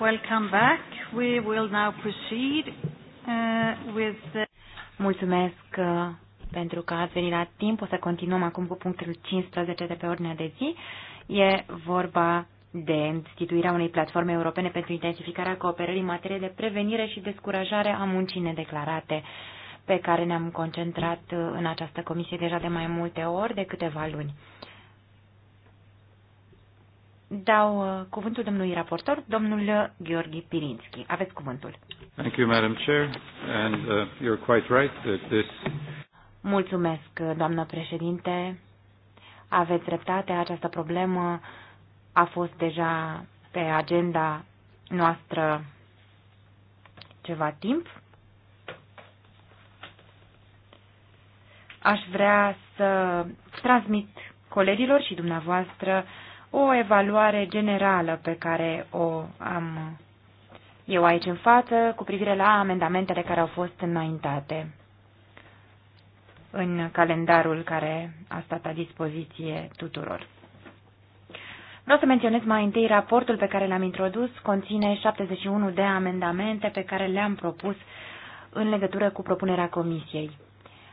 Welcome back. We will now proceed uh, with the... Mulțumesc uh, pentru că ați venit la timp. O să continuăm acum cu punctul 15 de pe ordinea de zi. E vorba de instituirea unei platforme europene pentru intensificarea cooperării în materie de prevenire și descurajare a muncii nedeclarate, pe care ne-am concentrat uh, în această comisie deja de mai multe ori, de câteva luni. Uh, dau uh, cuvântul domnului raportor, domnul Gheorghe Pirinski. Aveți cuvântul. Thank you, Madam Chair, and uh, you're quite right that this... Mulțumesc, uh, doamnă președinte. Aveți dreptate, această problemă a fost deja pe agenda noastră ceva timp. Aș vrea să transmit colegilor și dumneavoastră uh, o evaluare generală pe care o am eu aici în față cu privire la amendamentele care au fost înaintate în calendarul care a stat la dispoziție tuturor. Vreau să menționez mai întâi raportul pe care l-am introdus, conține 71 de amendamente pe care le-am propus în legătură cu propunerea comisiei.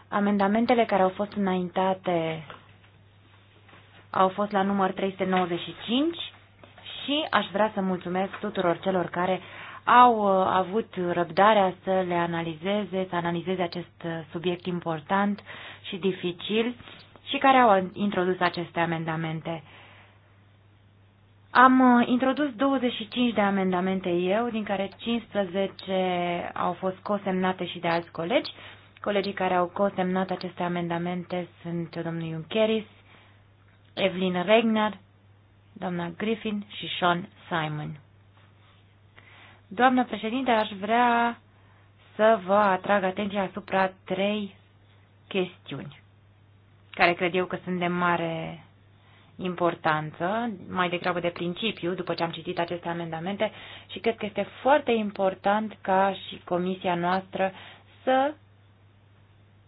Amendamentele care au fost înaintate au fost la număr 395 și aș vrea să mulțumesc tuturor celor care au uh, avut răbdarea să le analizeze, să analizeze acest uh, subiect important și dificil și care au introdus aceste amendamente. Am uh, introdus 25 de amendamente eu, din care 15 au fost cosemnate și de alți colegi. Colegii care au cosemnat aceste amendamente sunt domnul Iuncheris, Evelyn Regner, doamna Griffin și Sean Simon. Doamnă președinte, aș vrea să vă atrag atenția asupra trei chestiuni, care cred eu că sunt de mare importanță, mai degrabă de principiu, după ce am citit aceste amendamente, și cred că este foarte important ca și comisia noastră să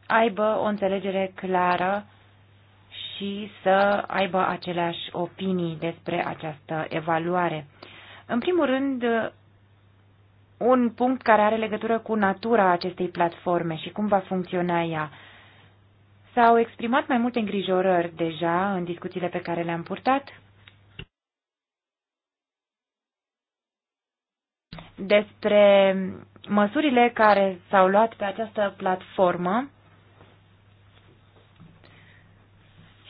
aibă o înțelegere clară și să aibă aceleași opinii despre această evaluare. În primul rând, un punct care are legătură cu natura acestei platforme și cum va funcționa ea. S-au exprimat mai multe îngrijorări deja în discuțiile pe care le-am purtat despre măsurile care s-au luat pe această platformă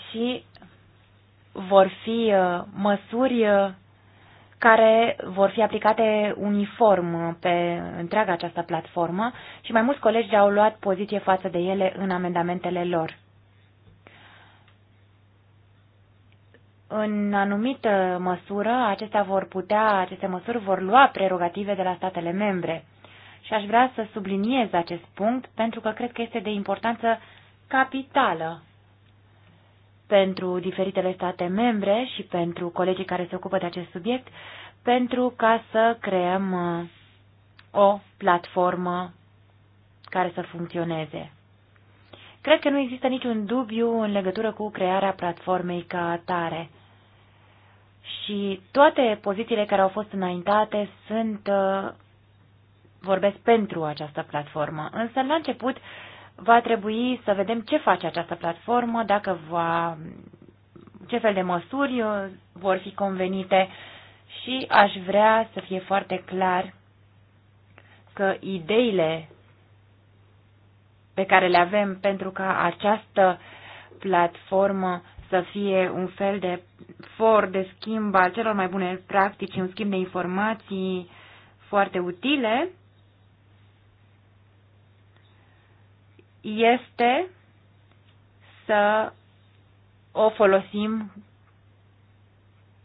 și vor fi uh, măsuri uh, care vor fi aplicate uniform uh, pe întreaga această platformă și mai mulți colegi au luat poziție față de ele în amendamentele lor. În anumită măsură, acestea vor putea, aceste măsuri vor lua prerogative de la statele membre. Și aș vrea să subliniez acest punct pentru că cred că este de importanță capitală pentru diferitele state membre și pentru colegii care se ocupă de acest subiect, pentru ca să creăm uh, o platformă care să funcționeze. Cred că nu există niciun dubiu în legătură cu crearea platformei ca atare. Și toate pozițiile care au fost înaintate sunt uh, vorbesc pentru această platformă. Însă, la început, va trebui să vedem ce face această platformă, dacă va, ce fel de măsuri uh, vor fi convenite și aș vrea să fie foarte clar că ideile pe care le avem pentru ca această platformă să fie un fel de for de schimb al celor mai bune practici, un schimb de informații foarte utile, este să o folosim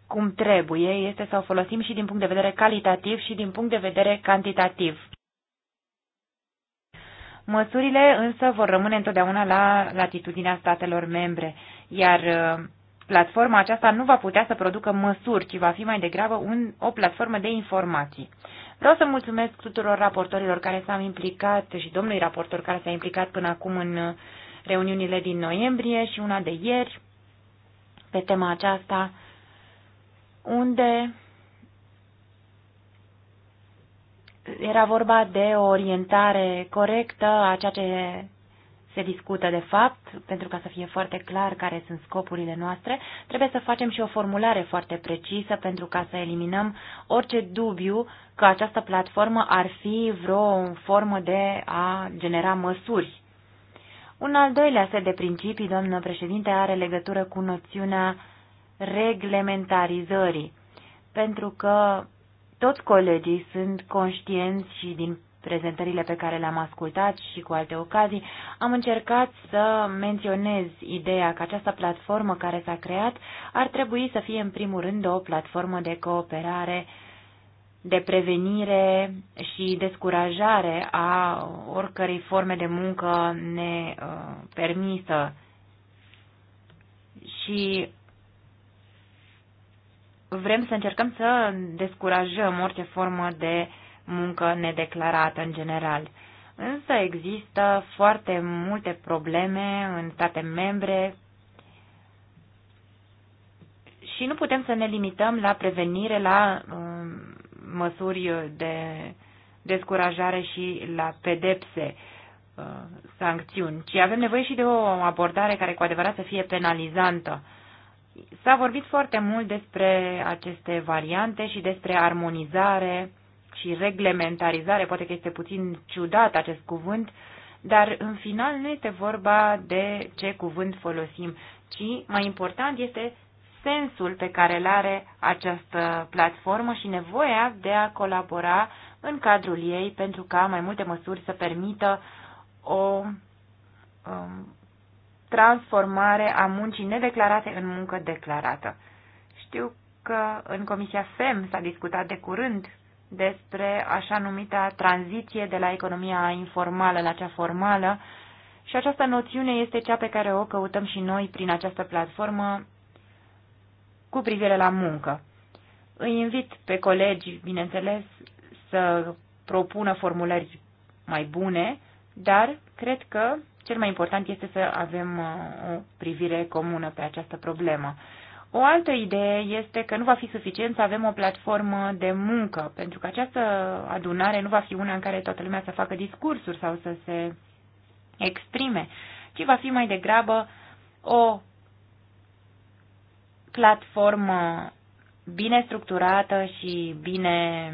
cum trebuie, este să o folosim și din punct de vedere calitativ și din punct de vedere cantitativ. Măsurile însă vor rămâne întotdeauna la latitudinea statelor membre, iar uh, platforma aceasta nu va putea să producă măsuri, ci va fi mai degrabă un, o platformă de informații. Vreau să mulțumesc tuturor raportorilor care s-au implicat și domnului raportor care s-a implicat până acum în reuniunile din noiembrie și una de ieri pe tema aceasta, unde era vorba de o orientare corectă a ceea ce se discută de fapt, pentru ca să fie foarte clar care sunt scopurile noastre, trebuie să facem și o formulare foarte precisă pentru ca să eliminăm orice dubiu că această platformă ar fi vreo formă de a genera măsuri. Un al doilea set de principii, doamnă președinte, are legătură cu noțiunea reglementarizării, pentru că toți colegii sunt conștienți și din prezentările pe care le-am ascultat și cu alte ocazii, am încercat să menționez ideea că această platformă care s-a creat ar trebui să fie în primul rând o platformă de cooperare, de prevenire și descurajare a oricărei forme de muncă nepermisă. Uh, și vrem să încercăm să descurajăm orice formă de uh, muncă nedeclarată în general. Însă există foarte multe probleme în state membre și nu putem să ne limităm la prevenire, la um, măsuri de descurajare și la pedepse, uh, sancțiuni, ci avem nevoie și de o abordare care cu adevărat să fie penalizantă. S-a vorbit foarte mult despre aceste variante și despre armonizare și reglementarizare, poate că este puțin ciudat acest cuvânt, dar în final nu este vorba de ce cuvânt folosim, ci mai important este sensul pe care îl are această platformă și nevoia de a colabora în cadrul ei pentru ca mai multe măsuri să permită o um, transformare a muncii nedeclarate în muncă declarată. Știu că în Comisia FEM s-a discutat de curând despre așa numita tranziție de la economia informală la cea formală și această noțiune este cea pe care o căutăm și noi prin această platformă cu privire la muncă. Îi invit pe colegi, bineînțeles, să propună formulări mai bune, dar cred că cel mai important este să avem uh, o privire comună pe această problemă. O altă idee este că nu va fi suficient să avem o platformă de muncă, pentru că această adunare nu va fi una în care toată lumea să facă discursuri sau să se exprime, ci va fi mai degrabă o platformă bine structurată și bine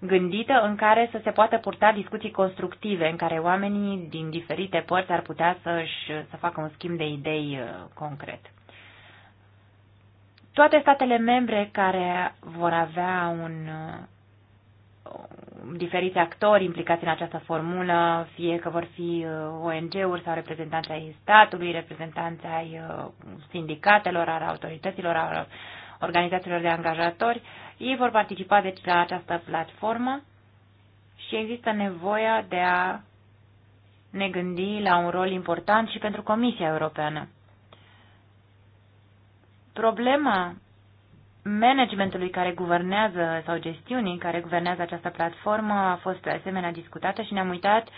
gândită în care să se poată purta discuții constructive, în care oamenii din diferite părți ar putea să-și, să facă un schimb de idei uh, concret. Toate statele membre care vor avea un uh, diferiți actori implicați în această formulă, fie că vor fi uh, ONG-uri sau reprezentanți ai statului, reprezentanți ai uh, sindicatelor, ar autorităților, ar organizațiilor de angajatori, ei vor participa deci la această platformă și există nevoia de a ne gândi la un rol important și pentru Comisia Europeană. Problema managementului care guvernează sau gestiunii care guvernează această platformă a fost de asemenea discutată și ne-am uitat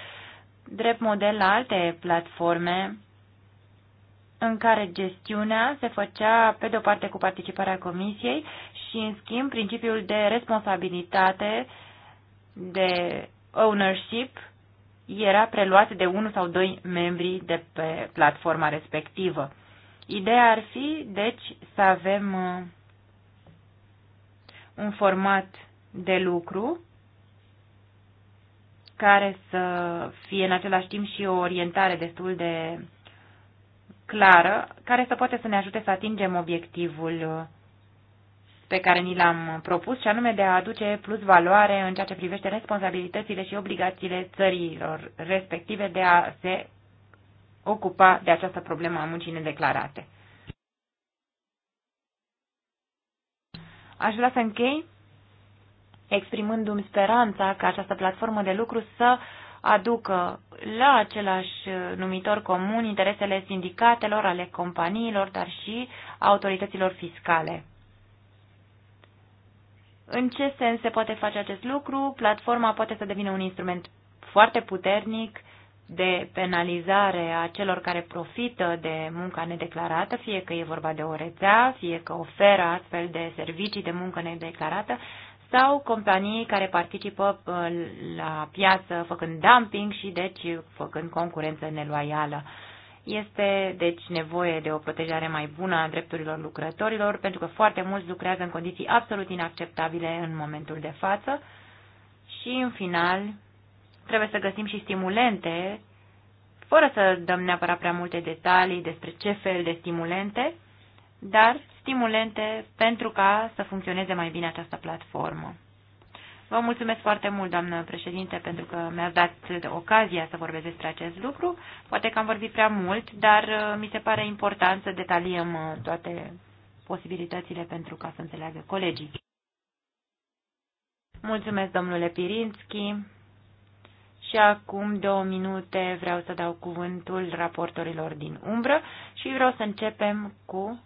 drept model la alte platforme în care gestiunea se făcea pe de o parte cu participarea comisiei și în schimb principiul de responsabilitate de ownership era preluat de unul sau doi membri de pe platforma respectivă. Ideea ar fi, deci, să avem uh, un format de lucru care să fie în același timp și o orientare destul de clară, care să poate să ne ajute să atingem obiectivul uh, pe care ni l-am propus, și anume de a aduce plus valoare în ceea ce privește responsabilitățile și obligațiile țărilor respective de a se ocupa de această problemă a muncii nedeclarate. Aș vrea să închei exprimându-mi speranța că această platformă de lucru să aducă la același numitor comun interesele sindicatelor, ale companiilor, dar și autorităților fiscale. În ce sens se poate face acest lucru? Platforma poate să devină un instrument foarte puternic de penalizare a celor care profită de munca nedeclarată, fie că e vorba de o rețea, fie că oferă astfel de servicii de muncă nedeclarată, sau companii care participă uh, la piață făcând dumping și deci făcând concurență neloială. Este deci nevoie de o protejare mai bună a drepturilor lucrătorilor, pentru că foarte mulți lucrează în condiții absolut inacceptabile în momentul de față. Și în final, Trebuie să găsim și stimulente, fără să dăm neapărat prea multe detalii despre ce fel de stimulente, dar stimulente pentru ca să funcționeze mai bine această platformă. Vă mulțumesc foarte mult, doamnă președinte, pentru că mi-ați dat ocazia să vorbesc despre acest lucru. Poate că am vorbit prea mult, dar uh, mi se pare important să detaliem uh, toate posibilitățile pentru ca să înțeleagă colegii. Mulțumesc, domnule Pirinski și acum două minute vreau să dau cuvântul raportorilor din umbră și vreau să începem cu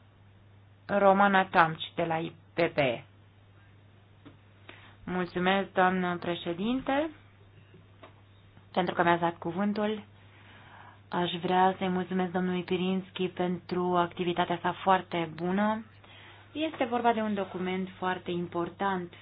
Romana Tamci de la IPP. Mulțumesc, doamnă președinte, pentru că mi-a dat cuvântul. Aș vrea să-i mulțumesc domnului Pirinski pentru activitatea sa foarte bună. Este vorba de un document foarte important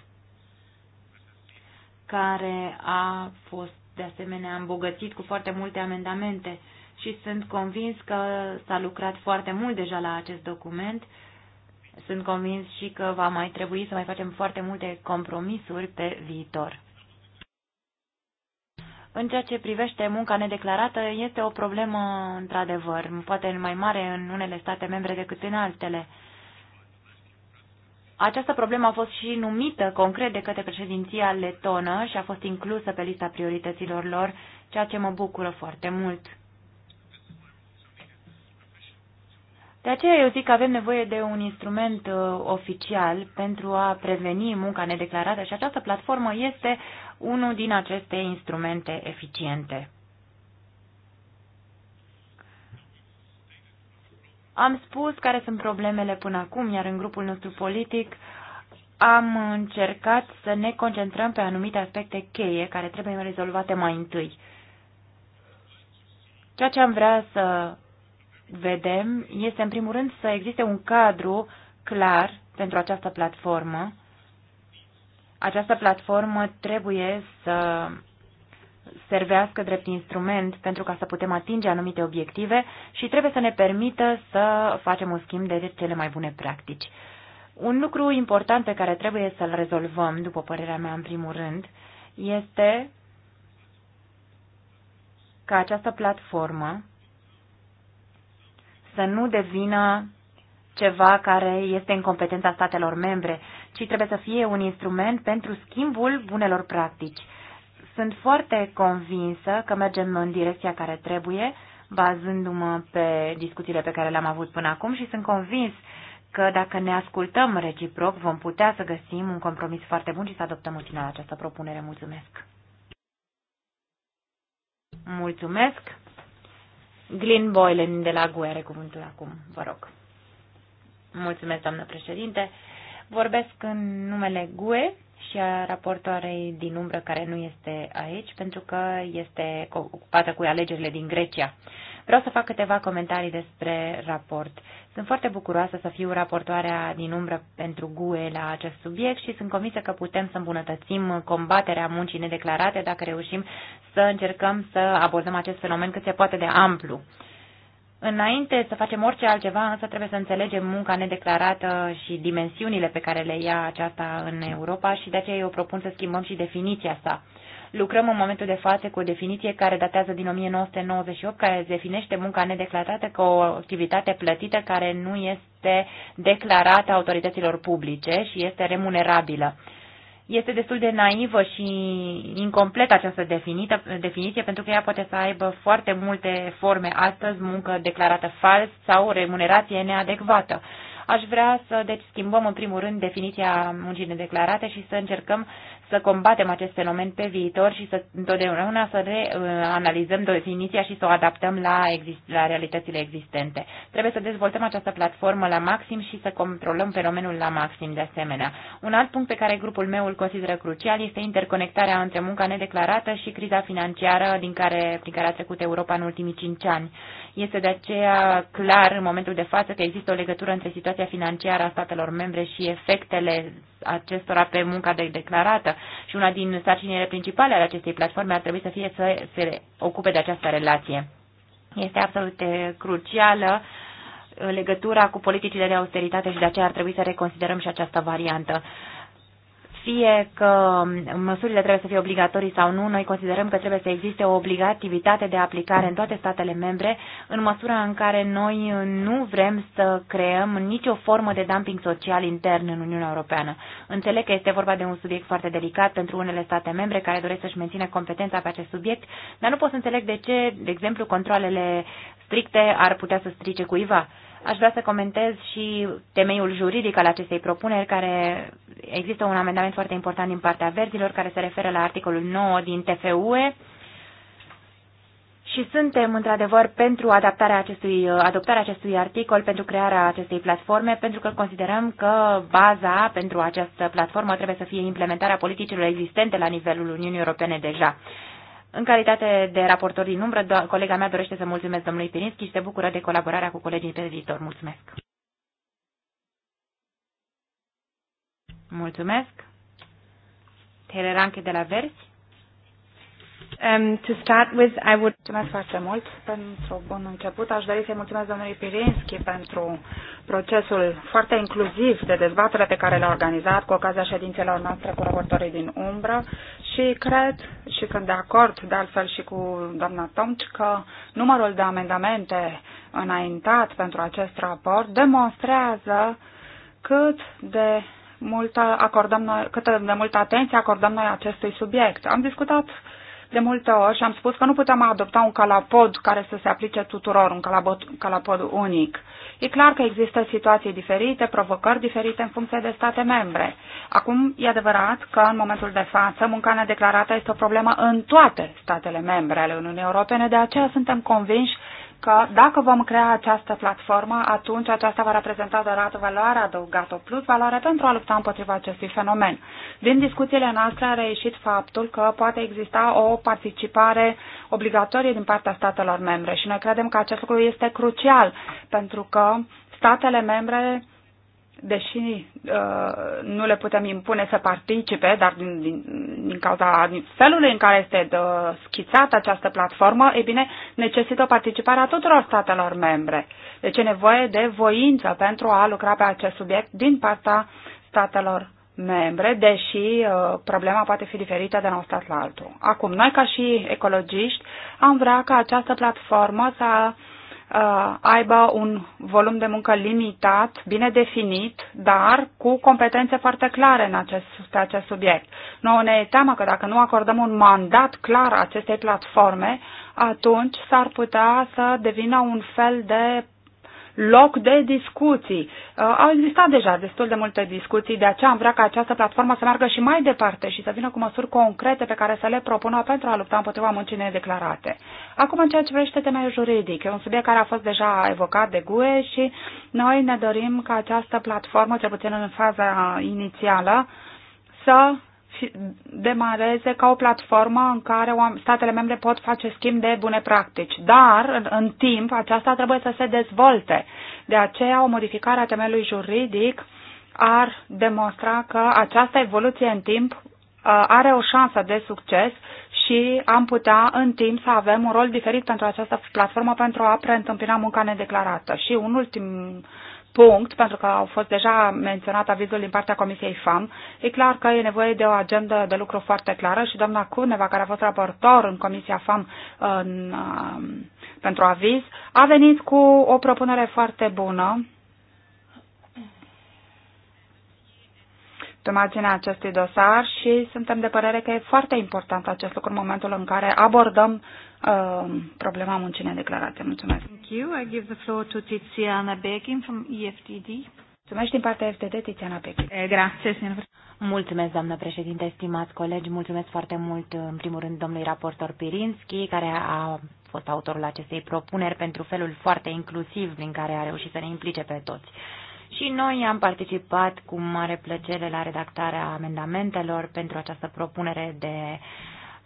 care a fost de asemenea îmbogățit cu foarte multe amendamente și sunt convins că s-a lucrat foarte mult deja la acest document. Sunt convins și că va mai trebui să mai facem foarte multe compromisuri pe viitor. În ceea ce privește munca nedeclarată, este o problemă într-adevăr, poate mai mare în unele state membre decât în altele. Această problemă a fost și numită concret de către președinția letonă și a fost inclusă pe lista priorităților lor, ceea ce mă bucură foarte mult. De aceea eu zic că avem nevoie de un instrument uh, oficial pentru a preveni munca nedeclarată și această platformă este unul din aceste instrumente eficiente. Am spus care sunt problemele până acum, iar în grupul nostru politic am încercat să ne concentrăm pe anumite aspecte cheie care trebuie rezolvate mai întâi. Ceea ce am vrea să vedem este, în primul rând, să existe un cadru clar pentru această platformă. Această platformă trebuie să servească drept instrument pentru ca să putem atinge anumite obiective și trebuie să ne permită să facem un schimb de cele mai bune practici. Un lucru important pe care trebuie să-l rezolvăm, după părerea mea în primul rând, este ca această platformă să nu devină ceva care este în competența statelor membre, ci trebuie să fie un instrument pentru schimbul bunelor practici sunt foarte convinsă că mergem în direcția care trebuie, bazându-mă pe discuțiile pe care le-am avut până acum și sunt convins că dacă ne ascultăm reciproc, vom putea să găsim un compromis foarte bun și să adoptăm în final această propunere. Mulțumesc! Mulțumesc! Glyn Boylan de la GUE are cuvântul acum, vă rog. Mulțumesc, doamnă președinte. Vorbesc în numele GUE și a raportoarei din umbră care nu este aici pentru că este ocupată cu alegerile din Grecia. Vreau să fac câteva comentarii despre raport. Sunt foarte bucuroasă să fiu raportoarea din umbră pentru GUE la acest subiect și sunt convinsă că putem să îmbunătățim combaterea muncii nedeclarate dacă reușim să încercăm să abordăm acest fenomen cât se poate de amplu. Înainte să facem orice altceva, însă trebuie să înțelegem munca nedeclarată și dimensiunile pe care le ia aceasta în Europa și de aceea eu propun să schimbăm și definiția sa. Lucrăm în momentul de față cu o definiție care datează din 1998, care definește munca nedeclarată ca o activitate plătită care nu este declarată autorităților publice și este remunerabilă. Este destul de naivă și incompletă această definită, definiție, pentru că ea poate să aibă foarte multe forme astăzi, muncă declarată fals sau remunerație neadecvată. Aș vrea să deci, schimbăm în primul rând definiția muncii nedeclarate și să încercăm să combatem acest fenomen pe viitor și să întotdeauna să reanalizăm uh, definiția și să o adaptăm la, exist- la realitățile existente. Trebuie să dezvoltăm această platformă la maxim și să controlăm fenomenul la maxim de asemenea. Un alt punct pe care grupul meu îl consideră crucial este interconectarea între munca nedeclarată și criza financiară din care, prin care a trecut Europa în ultimii cinci ani. Este de aceea clar în momentul de față că există o legătură între situația financiară a statelor membre și efectele acestora pe munca de declarată și una din sarcinile principale ale acestei platforme ar trebui să fie să se ocupe de această relație. Este absolut eh, crucială eh, legătura cu politicile de austeritate și de aceea ar trebui să reconsiderăm și această variantă fie că măsurile trebuie să fie obligatorii sau nu, noi considerăm că trebuie să existe o obligativitate de aplicare în toate statele membre, în măsura în care noi nu vrem să creăm nicio formă de dumping social intern în Uniunea Europeană. Înțeleg că este vorba de un subiect foarte delicat pentru unele state membre care doresc să-și mențină competența pe acest subiect, dar nu pot să înțeleg de ce, de exemplu, controlele stricte ar putea să strice cuiva. Aș vrea să comentez și temeiul juridic al acestei propuneri, care există un amendament foarte important din partea verzilor care se referă la articolul 9 din TFUE și suntem într-adevăr pentru adaptarea acestui, adoptarea acestui articol, pentru crearea acestei platforme, pentru că considerăm că baza pentru această platformă trebuie să fie implementarea politicilor existente la nivelul Uniunii Europene deja. În calitate de raportor din umbră, colega mea dorește să mulțumesc domnului Pirinski și se bucură de colaborarea cu colegii pe viitor. Mulțumesc! Mulțumesc. Teleranche de la Verzi. Um, to start with, I would... Mulțumesc foarte mult pentru bun început. Aș dori să-i mulțumesc domnului Pirinski pentru procesul foarte inclusiv de dezbatere pe care l-a organizat cu ocazia ședințelor noastre cu raportorii din umbră și cred și sunt de acord de altfel și cu doamna Tomci că numărul de amendamente înaintat pentru acest raport demonstrează cât de multă, acordăm noi, cât de multă atenție acordăm noi acestui subiect. Am discutat de multe ori și am spus că nu putem adopta un calapod care să se aplice tuturor, un calapod, calapod unic. E clar că există situații diferite, provocări diferite în funcție de state membre. Acum, e adevărat că în momentul de față munca nedeclarată este o problemă în toate statele membre ale Uniunii Europene, de aceea suntem convinși că dacă vom crea această platformă, atunci aceasta va reprezenta doar rată valoare adăugată, o plus valoare pentru a lupta împotriva acestui fenomen. Din discuțiile noastre a reieșit faptul că poate exista o participare obligatorie din partea statelor membre și noi credem că acest lucru este crucial pentru că statele membre deși uh, nu le putem impune să participe, dar din, din, din cauza felului în care este de, uh, schițată această platformă, e bine, necesită participarea tuturor statelor membre. Deci e nevoie de voință pentru a lucra pe acest subiect din partea statelor membre, deși uh, problema poate fi diferită de la un stat la altul. Acum, noi ca și ecologiști am vrea ca această platformă să Uh, aibă un volum de muncă limitat, bine definit, dar cu competențe foarte clare în acest, pe acest subiect. Noi ne e teamă că dacă nu acordăm un mandat clar acestei platforme, atunci s-ar putea să devină un fel de loc de discuții. Uh, au existat deja destul de multe discuții, de aceea am vrea ca această platformă să meargă și mai departe și să vină cu măsuri concrete pe care să le propună pentru a lupta împotriva muncii nedeclarate. Acum, în ceea ce privește temei juridic, e un subiect care a fost deja evocat de GUE și noi ne dorim ca această platformă, cel puțin în faza inițială, să demareze ca o platformă în care statele membre pot face schimb de bune practici. Dar, în timp, aceasta trebuie să se dezvolte. De aceea, o modificare a temelui juridic ar demonstra că această evoluție în timp uh, are o șansă de succes și am putea în timp să avem un rol diferit pentru această platformă pentru a preîntâmpina munca nedeclarată. Și un ultim punct, pentru că au fost deja menționat avizul din partea Comisiei FAM, e clar că e nevoie de o agendă de lucru foarte clară și doamna Cuneva, care a fost raportor în Comisia FAM în, um, pentru aviz, a venit cu o propunere foarte bună pe marginea acestui dosar și suntem de părere că e foarte important acest lucru în momentul în care abordăm Uh, problema muncii nedeclarate. Mulțumesc. Thank you. I give the floor to Tiziana Begin from EFTD. Mulțumesc din partea FTD, Tiziana Begin. Eh, grazie, signor Mulțumesc, doamnă președinte, stimați colegi, mulțumesc foarte mult, în primul rând, domnului raportor Pirinski, care a fost autorul acestei propuneri pentru felul foarte inclusiv din care a reușit să ne implice pe toți. Și noi am participat cu mare plăcere la redactarea amendamentelor pentru această propunere de uh,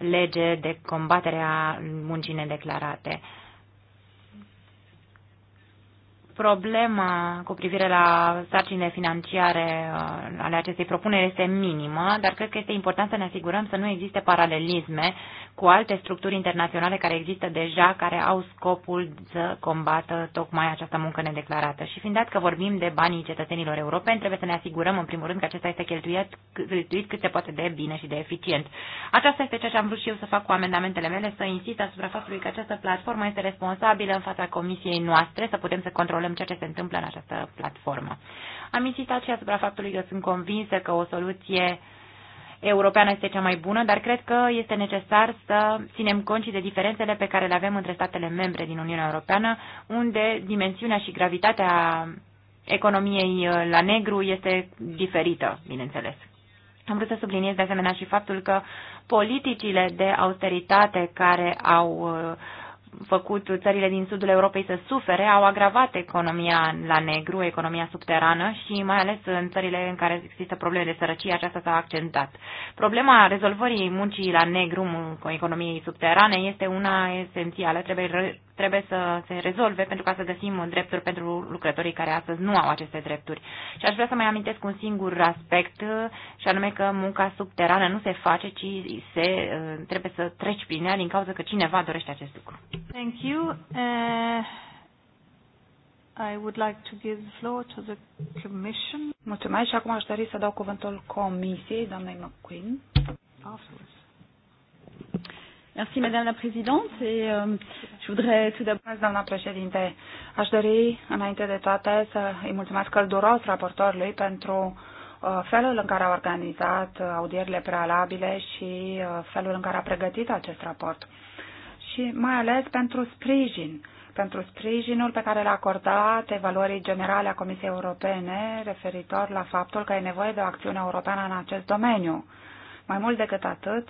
lege de combatere a muncii nedeclarate problema cu privire la sarcinile financiare uh, ale acestei propuneri este minimă, dar cred că este important să ne asigurăm să nu existe paralelisme cu alte structuri internaționale care există deja, care au scopul să combată tocmai această muncă nedeclarată. Și fiind dat că vorbim de banii cetățenilor europeni, trebuie să ne asigurăm, în primul rând, că acesta este cheltuit, cheltuit cât se poate de bine și de eficient. Aceasta este ceea ce am vrut și eu să fac cu amendamentele mele, să insist asupra faptului că această platformă este responsabilă în fața comisiei noastre, să putem să controlăm controlăm ceea ce se întâmplă în această platformă. Am insistat și asupra faptului că sunt convinsă că o soluție europeană este cea mai bună, dar cred că este necesar să ținem cont și de diferențele pe care le avem între statele membre din Uniunea Europeană, unde dimensiunea și gravitatea economiei uh, la negru este diferită, bineînțeles. Am vrut să subliniez de asemenea și faptul că politicile de austeritate care au uh, făcut țările din sudul Europei să sufere, au agravat economia la negru, economia subterană și mai ales în țările în care există probleme de sărăcie, aceasta s-a accentat. Problema rezolvării muncii la negru, cu economiei subterane, este una esențială. Trebuie trebuie să se rezolve pentru ca să găsim drepturi pentru lucrătorii care astăzi nu au aceste drepturi. Și aș vrea să mai amintesc un singur aspect și anume că munca subterană nu se face, ci se uh, trebuie să treci prin ea din cauza că cineva dorește acest lucru. Thank you. Uh... I would like to give the floor to the commission. Mulțumesc și acum aș dori să dau cuvântul comisiei, doamnei McQueen. Afterwards. Merci, Madame la Présidente. Et, euh, je voudrais tout d'abord... la Présidente, aș dori, înainte de toate, să îi mulțumesc călduros raportorului pentru uh, felul în care a organizat uh, audierile prealabile și uh, felul în care a pregătit acest raport. Și mai ales pentru sprijin, pentru sprijinul pe care l-a acordat evaluării generale a Comisiei Europene referitor la faptul că e nevoie de o acțiune europeană în acest domeniu. Mai mult decât atât,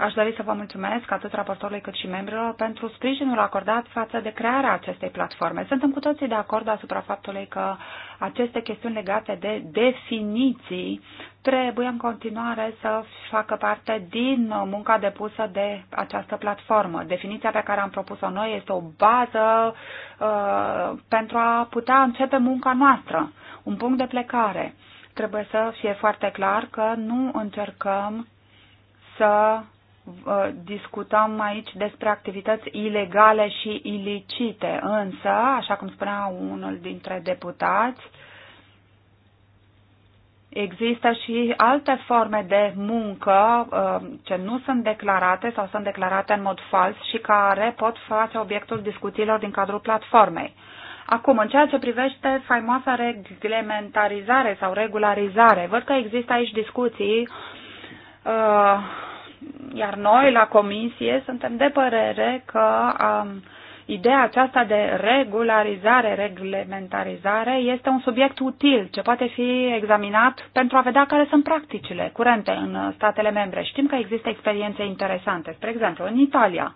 Aș dori să vă mulțumesc atât raportorului cât și membrilor pentru sprijinul acordat față de crearea acestei platforme. Suntem cu toții de acord asupra faptului că aceste chestiuni legate de definiții trebuie în continuare să facă parte din munca depusă de această platformă. Definiția pe care am propus-o noi este o bază uh, pentru a putea începe munca noastră, un punct de plecare. Trebuie să fie foarte clar că nu încercăm să discutăm aici despre activități ilegale și ilicite, însă, așa cum spunea unul dintre deputați, există și alte forme de muncă ă, ce nu sunt declarate sau sunt declarate în mod fals și care pot face obiectul discuțiilor din cadrul platformei. Acum, în ceea ce privește faimoasa reglementarizare sau regularizare, văd că există aici discuții uh, iar noi, la comisie, suntem de părere că um, ideea aceasta de regularizare, reglementarizare, este un subiect util ce poate fi examinat pentru a vedea care sunt practicile curente în statele membre. Știm că există experiențe interesante, spre exemplu, în Italia.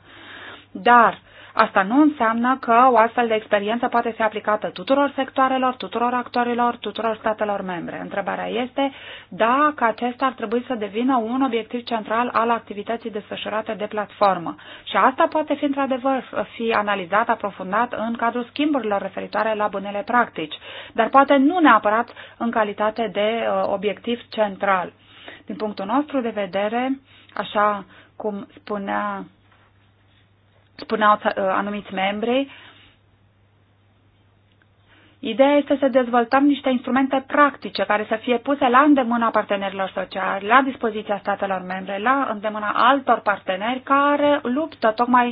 Dar uh, Asta nu înseamnă că o astfel de experiență poate fi aplicată tuturor sectoarelor, tuturor actorilor, tuturor statelor membre. Întrebarea este dacă acesta ar trebui să devină un obiectiv central al activității desfășurate de platformă. Și asta poate fi într-adevăr fi analizat, aprofundat în cadrul schimburilor referitoare la bunele practici, dar poate nu neapărat în calitate de uh, obiectiv central. Din punctul nostru de vedere, așa cum spunea spuneau uh, anumiți membri, Ideea este să dezvoltăm niște instrumente practice care să fie puse la îndemâna partenerilor sociali, la dispoziția statelor membre, la îndemâna altor parteneri care luptă tocmai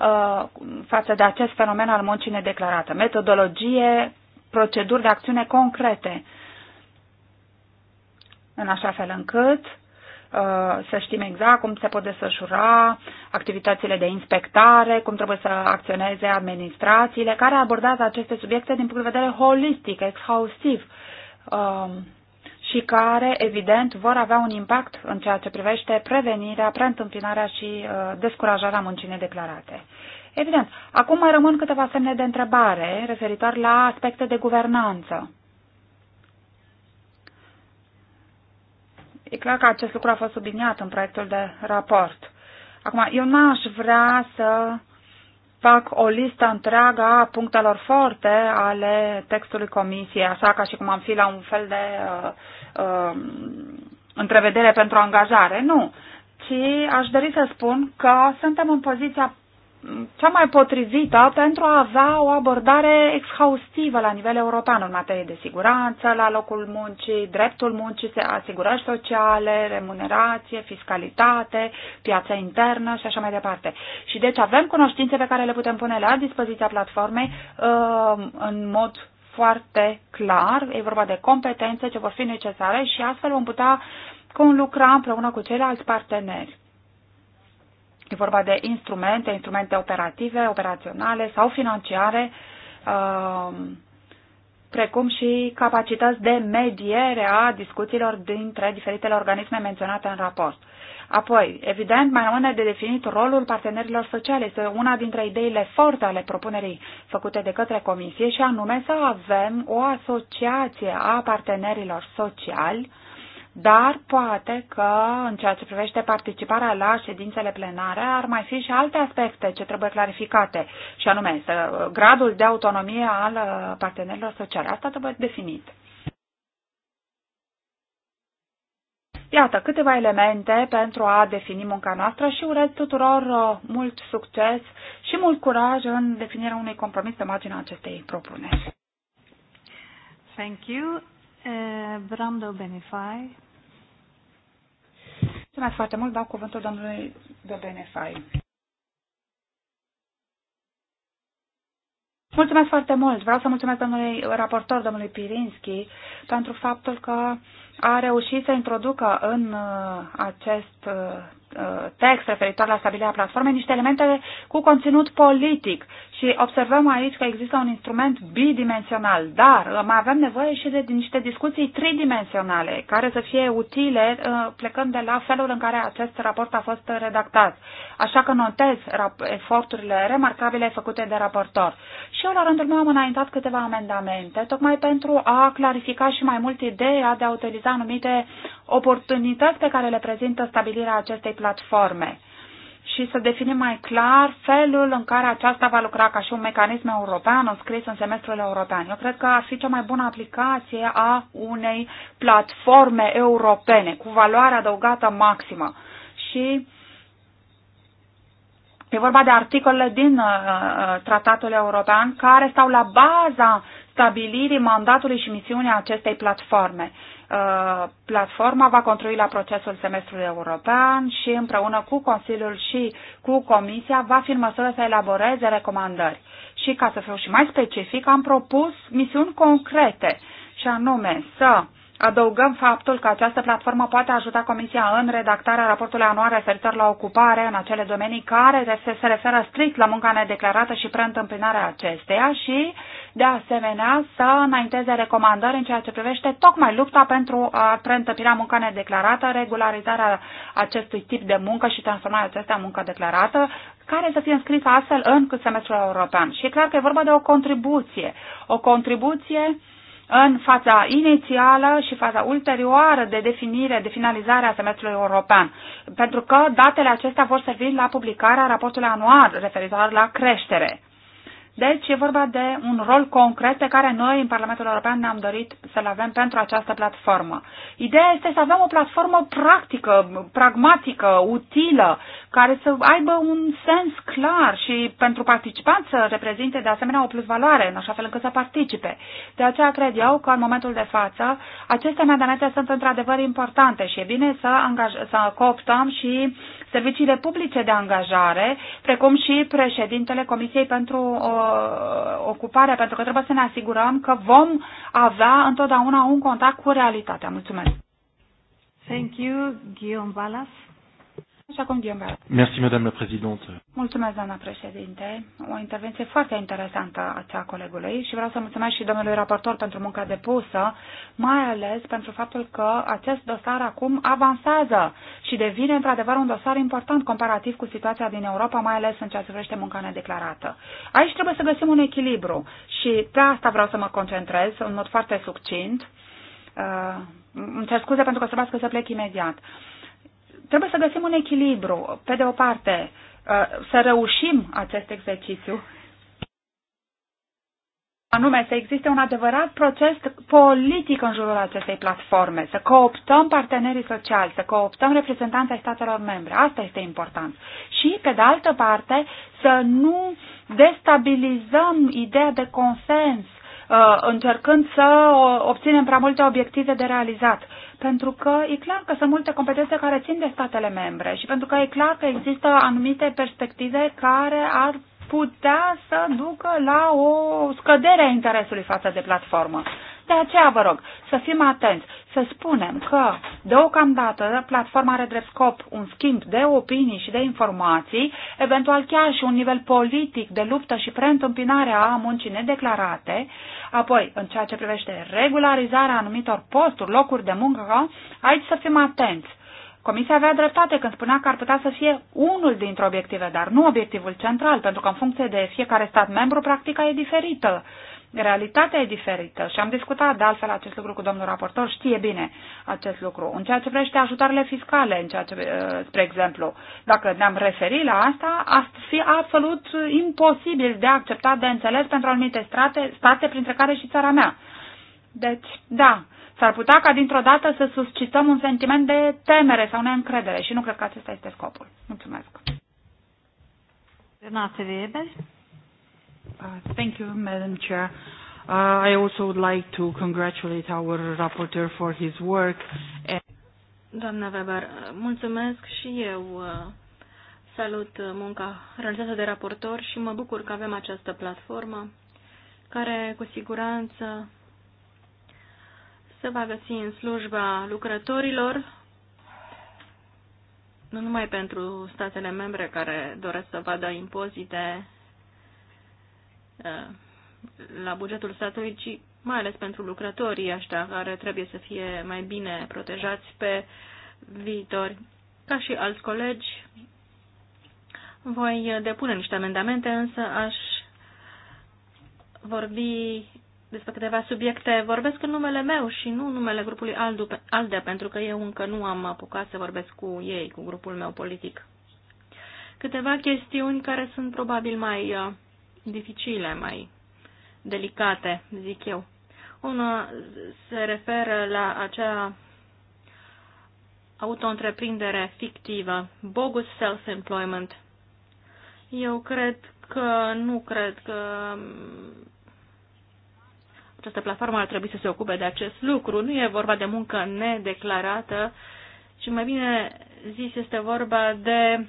uh, față de acest fenomen al muncii nedeclarate. Metodologie, proceduri de acțiune concrete, în așa fel încât Uh, să știm exact cum se pot desfășura activitățile de inspectare, cum trebuie să acționeze administrațiile, care abordează aceste subiecte din punct de vedere holistic, exhaustiv um, și care, evident, vor avea un impact în ceea ce privește prevenirea, preîntâmpinarea și uh, descurajarea muncii nedeclarate. Evident, acum mai rămân câteva semne de întrebare referitor la aspecte de guvernanță. E clar că acest lucru a fost subliniat în proiectul de raport. Acum, eu n-aș vrea să fac o listă întreagă a punctelor forte ale textului comisiei, așa ca și cum am fi la un fel de uh, uh, întrevedere pentru angajare. Nu. Ci aș dori să spun că suntem în poziția cea mai potrivită pentru a avea o abordare exhaustivă la nivel european în materie de siguranță, la locul muncii, dreptul muncii, asigurări sociale, remunerație, fiscalitate, piața internă și așa mai departe. Și deci avem cunoștințe pe care le putem pune la dispoziția platformei uh, în mod foarte clar, e vorba de competențe ce vor fi necesare și astfel vom putea lucra împreună cu ceilalți parteneri. E vorba de instrumente, instrumente operative, operaționale sau financiare, um, precum și capacități de mediere a discuțiilor dintre diferitele organisme menționate în raport. Apoi, evident, mai rămâne de definit rolul partenerilor sociale. Este una dintre ideile forte ale propunerii făcute de către Comisie și anume să avem o asociație a partenerilor sociali dar poate că în ceea ce privește participarea la ședințele plenare ar mai fi și alte aspecte ce trebuie clarificate, și anume să, gradul de autonomie al uh, partenerilor sociale. Asta trebuie definit. Iată câteva elemente pentru a defini munca noastră și urez tuturor uh, mult succes și mult curaj în definirea unui compromis pe marginea acestei propuneri. Thank you. Uh, Brando Benifai. Mulțumesc foarte mult, dau cuvântul domnului Dobenefai. Mulțumesc foarte mult. Vreau să mulțumesc domnului raportor, domnului Pirinski, pentru faptul că a reușit să introducă în uh, acest uh, uh, text referitor la stabilirea platformei niște elemente cu conținut politic și observăm aici că există un instrument bidimensional, dar mai avem nevoie și de niște discuții tridimensionale care să fie utile plecând de la felul în care acest raport a fost redactat. Așa că notez eforturile remarcabile făcute de raportor. Și eu la rândul meu am înaintat câteva amendamente, tocmai pentru a clarifica și mai mult ideea de a utiliza analiza anumite oportunități pe care le prezintă stabilirea acestei platforme și să definim mai clar felul în care aceasta va lucra ca și un mecanism european înscris în semestrul european. Eu cred că ar fi cea mai bună aplicație a unei platforme europene cu valoare adăugată maximă. Și E vorba de articolele din uh, uh tratatul european care stau la baza stabilirii mandatului și misiunea acestei platforme. Uh, platforma va contribui la procesul semestrului european și împreună cu Consiliul și cu Comisia va fi în măsură să elaboreze recomandări. Și ca să fiu și mai specific, am propus misiuni concrete și anume să uh, Adăugăm faptul că această platformă poate ajuta Comisia în redactarea raportului anual referitor la ocupare în acele domenii care se referă strict la munca nedeclarată și preîntâmpinarea acesteia și, de asemenea, să înainteze recomandări în ceea ce privește tocmai lupta pentru a preîntâmpina munca nedeclarată, regularizarea acestui tip de muncă și transformarea acestea în muncă declarată, care să fie înscrisă astfel în semestrul european. Și e clar că e vorba de o contribuție. O contribuție uh, în faza inițială și faza ulterioară de definire, de finalizare a semestrului european, pentru că datele acestea vor servi la publicarea raportului anual referitor la creștere. Deci e vorba de un rol concret pe care noi în Parlamentul European ne-am dorit să-l avem pentru această platformă. Ideea este să avem o platformă practică, pragmatică, utilă, care să aibă un sens clar și pentru participanți să reprezinte de asemenea o plusvaloare, în așa fel încât să participe. De aceea cred eu că în momentul de față aceste amendamente sunt într-adevăr importante și e bine să, angaj- să cooptăm și serviciile publice de angajare, precum și președintele Comisiei pentru uh, Ocupare, pentru că trebuie să ne asigurăm că vom avea întotdeauna un contact cu realitatea. Mulțumesc! Thank you, Guillaume Balas. Și acum Dion Mersi, Madame la Présidente. Mulțumesc, doamna președinte. O intervenție foarte interesantă a cea colegului și vreau să mulțumesc și domnului raportor pentru munca depusă, mai ales pentru faptul că acest dosar acum avansează și devine într-adevăr un dosar important comparativ cu situația din Europa, mai ales în ceea ce privește munca nedeclarată. Aici trebuie să găsim un echilibru și pe asta vreau să mă concentrez în mod foarte succint. Uh, îmi cer scuze pentru că trebuie să plec imediat. Uh, Trebuie să găsim un echilibru. Pe de o parte, uh, să reușim acest exercițiu, anume să existe un adevărat proces politic în jurul acestei platforme, să cooptăm partenerii sociali, să cooptăm reprezentanța statelor membre. Asta este important. Și, pe de altă parte, să nu destabilizăm ideea de consens Uh, încercând să obținem prea multe obiective de realizat. Pentru că e clar că sunt multe competențe care țin de statele membre și pentru că e clar că există anumite perspective care ar putea să ducă la o scădere a interesului față de platformă. De aceea vă rog să fim atenți, să spunem că deocamdată platforma are drept scop un schimb de opinii și de informații, eventual chiar și un nivel politic de luptă și preîntâmpinare a muncii nedeclarate, apoi în ceea ce privește regularizarea anumitor posturi, locuri de muncă, aici să fim atenți. Comisia avea dreptate când spunea că ar putea să fie unul dintre obiective, dar nu obiectivul central, pentru că în funcție de fiecare stat membru, practica e diferită Realitatea e diferită și am discutat de altfel acest lucru cu domnul raportor, știe bine acest lucru. În ceea ce privește ajutoarele fiscale, în ceea ce, uh, spre exemplu, dacă ne-am referit la asta, ar fi absolut imposibil de acceptat, de înțeles pentru anumite strate, state, printre care și țara mea. Deci, da, s-ar putea ca dintr-o dată să suscităm un sentiment de temere sau neîncredere și nu cred că acesta este scopul. Mulțumesc. Renate Weber. Uh, thank you, Madam Chair. Uh, I also would like to congratulate our rapporteur for his work. Doamna Weber, mulțumesc și eu uh, salut munca realizată de raportor și mă bucur că avem această platformă care cu siguranță se va găsi în slujba lucrătorilor, nu numai pentru statele membre care doresc să vadă impozite Uh, la bugetul statului, ci mai ales pentru lucrătorii ăștia care trebuie să fie mai bine protejați pe viitor. Ca și alți colegi, voi depune niște amendamente, însă aș vorbi despre câteva subiecte. Vorbesc în numele meu și nu în numele grupului ALDE, pentru că eu încă nu am apucat să vorbesc cu ei, cu grupul meu politic. Câteva chestiuni care sunt probabil mai uh, dificile, mai delicate, zic eu. Una se referă la acea auto-întreprindere fictivă, bogus self-employment. Eu cred că nu cred că această platformă ar trebui să se ocupe de acest lucru. Nu e vorba de muncă nedeclarată, ci mai bine zis este vorba de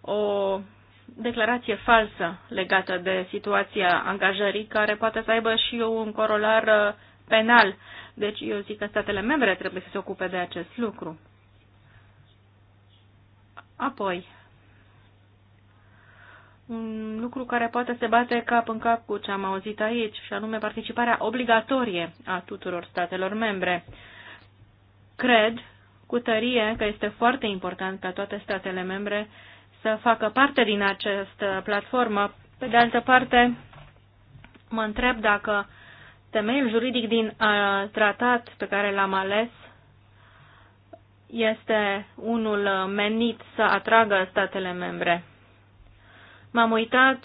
o declarație falsă legată de situația angajării, care poate să aibă și un corolar uh, penal. Deci eu zic că statele membre trebuie să se ocupe de acest lucru. Apoi, un lucru care poate se bate cap în cap cu ce am auzit aici, și anume participarea obligatorie a tuturor statelor membre. Cred cu tărie că este foarte important ca toate statele membre uh, să facă parte din această platformă. Pe de altă parte, mă întreb dacă temeiul juridic din uh, tratat pe care l-am ales este unul menit să atragă statele membre. M-am uitat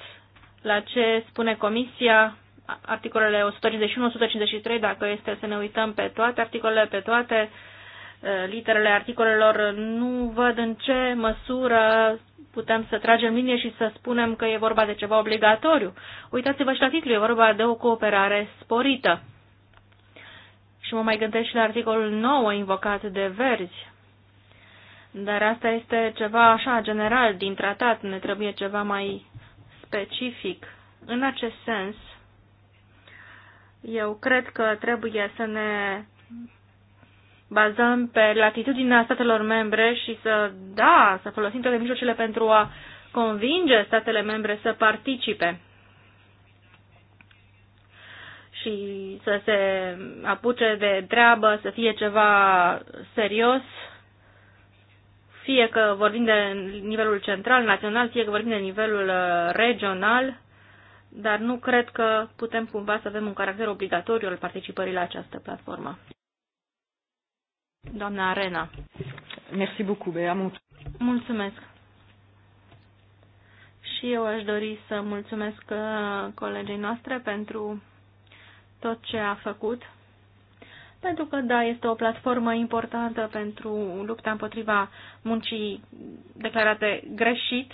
la ce spune Comisia, articolele 151-153, dacă este să ne uităm pe toate articolele, pe toate uh, literele articolelor, nu văd în ce măsură putem să tragem linie și să spunem că e vorba de ceva obligatoriu. Uitați-vă și la titlu, e vorba de o cooperare sporită. Și mă mai gândesc și la articolul 9 invocat de verzi. Dar asta este ceva așa general din tratat, ne trebuie ceva mai specific. În acest sens, eu cred că trebuie să ne bazăm pe latitudinea statelor membre și să, da, să folosim toate mijlocele pentru a convinge statele membre să participe și să se apuce de treabă, să fie ceva serios, fie că vorbim de nivelul central, național, fie că vorbim de nivelul uh, regional, dar nu cred că putem cumva să avem un caracter obligatoriu al participării la această platformă. Doamna Arena. Merci beaucoup, Bea. Mulțumesc. Și eu aș dori să mulțumesc uh, colegii noastre pentru tot ce a făcut. Pentru că, da, este o platformă importantă pentru lupta împotriva muncii declarate greșit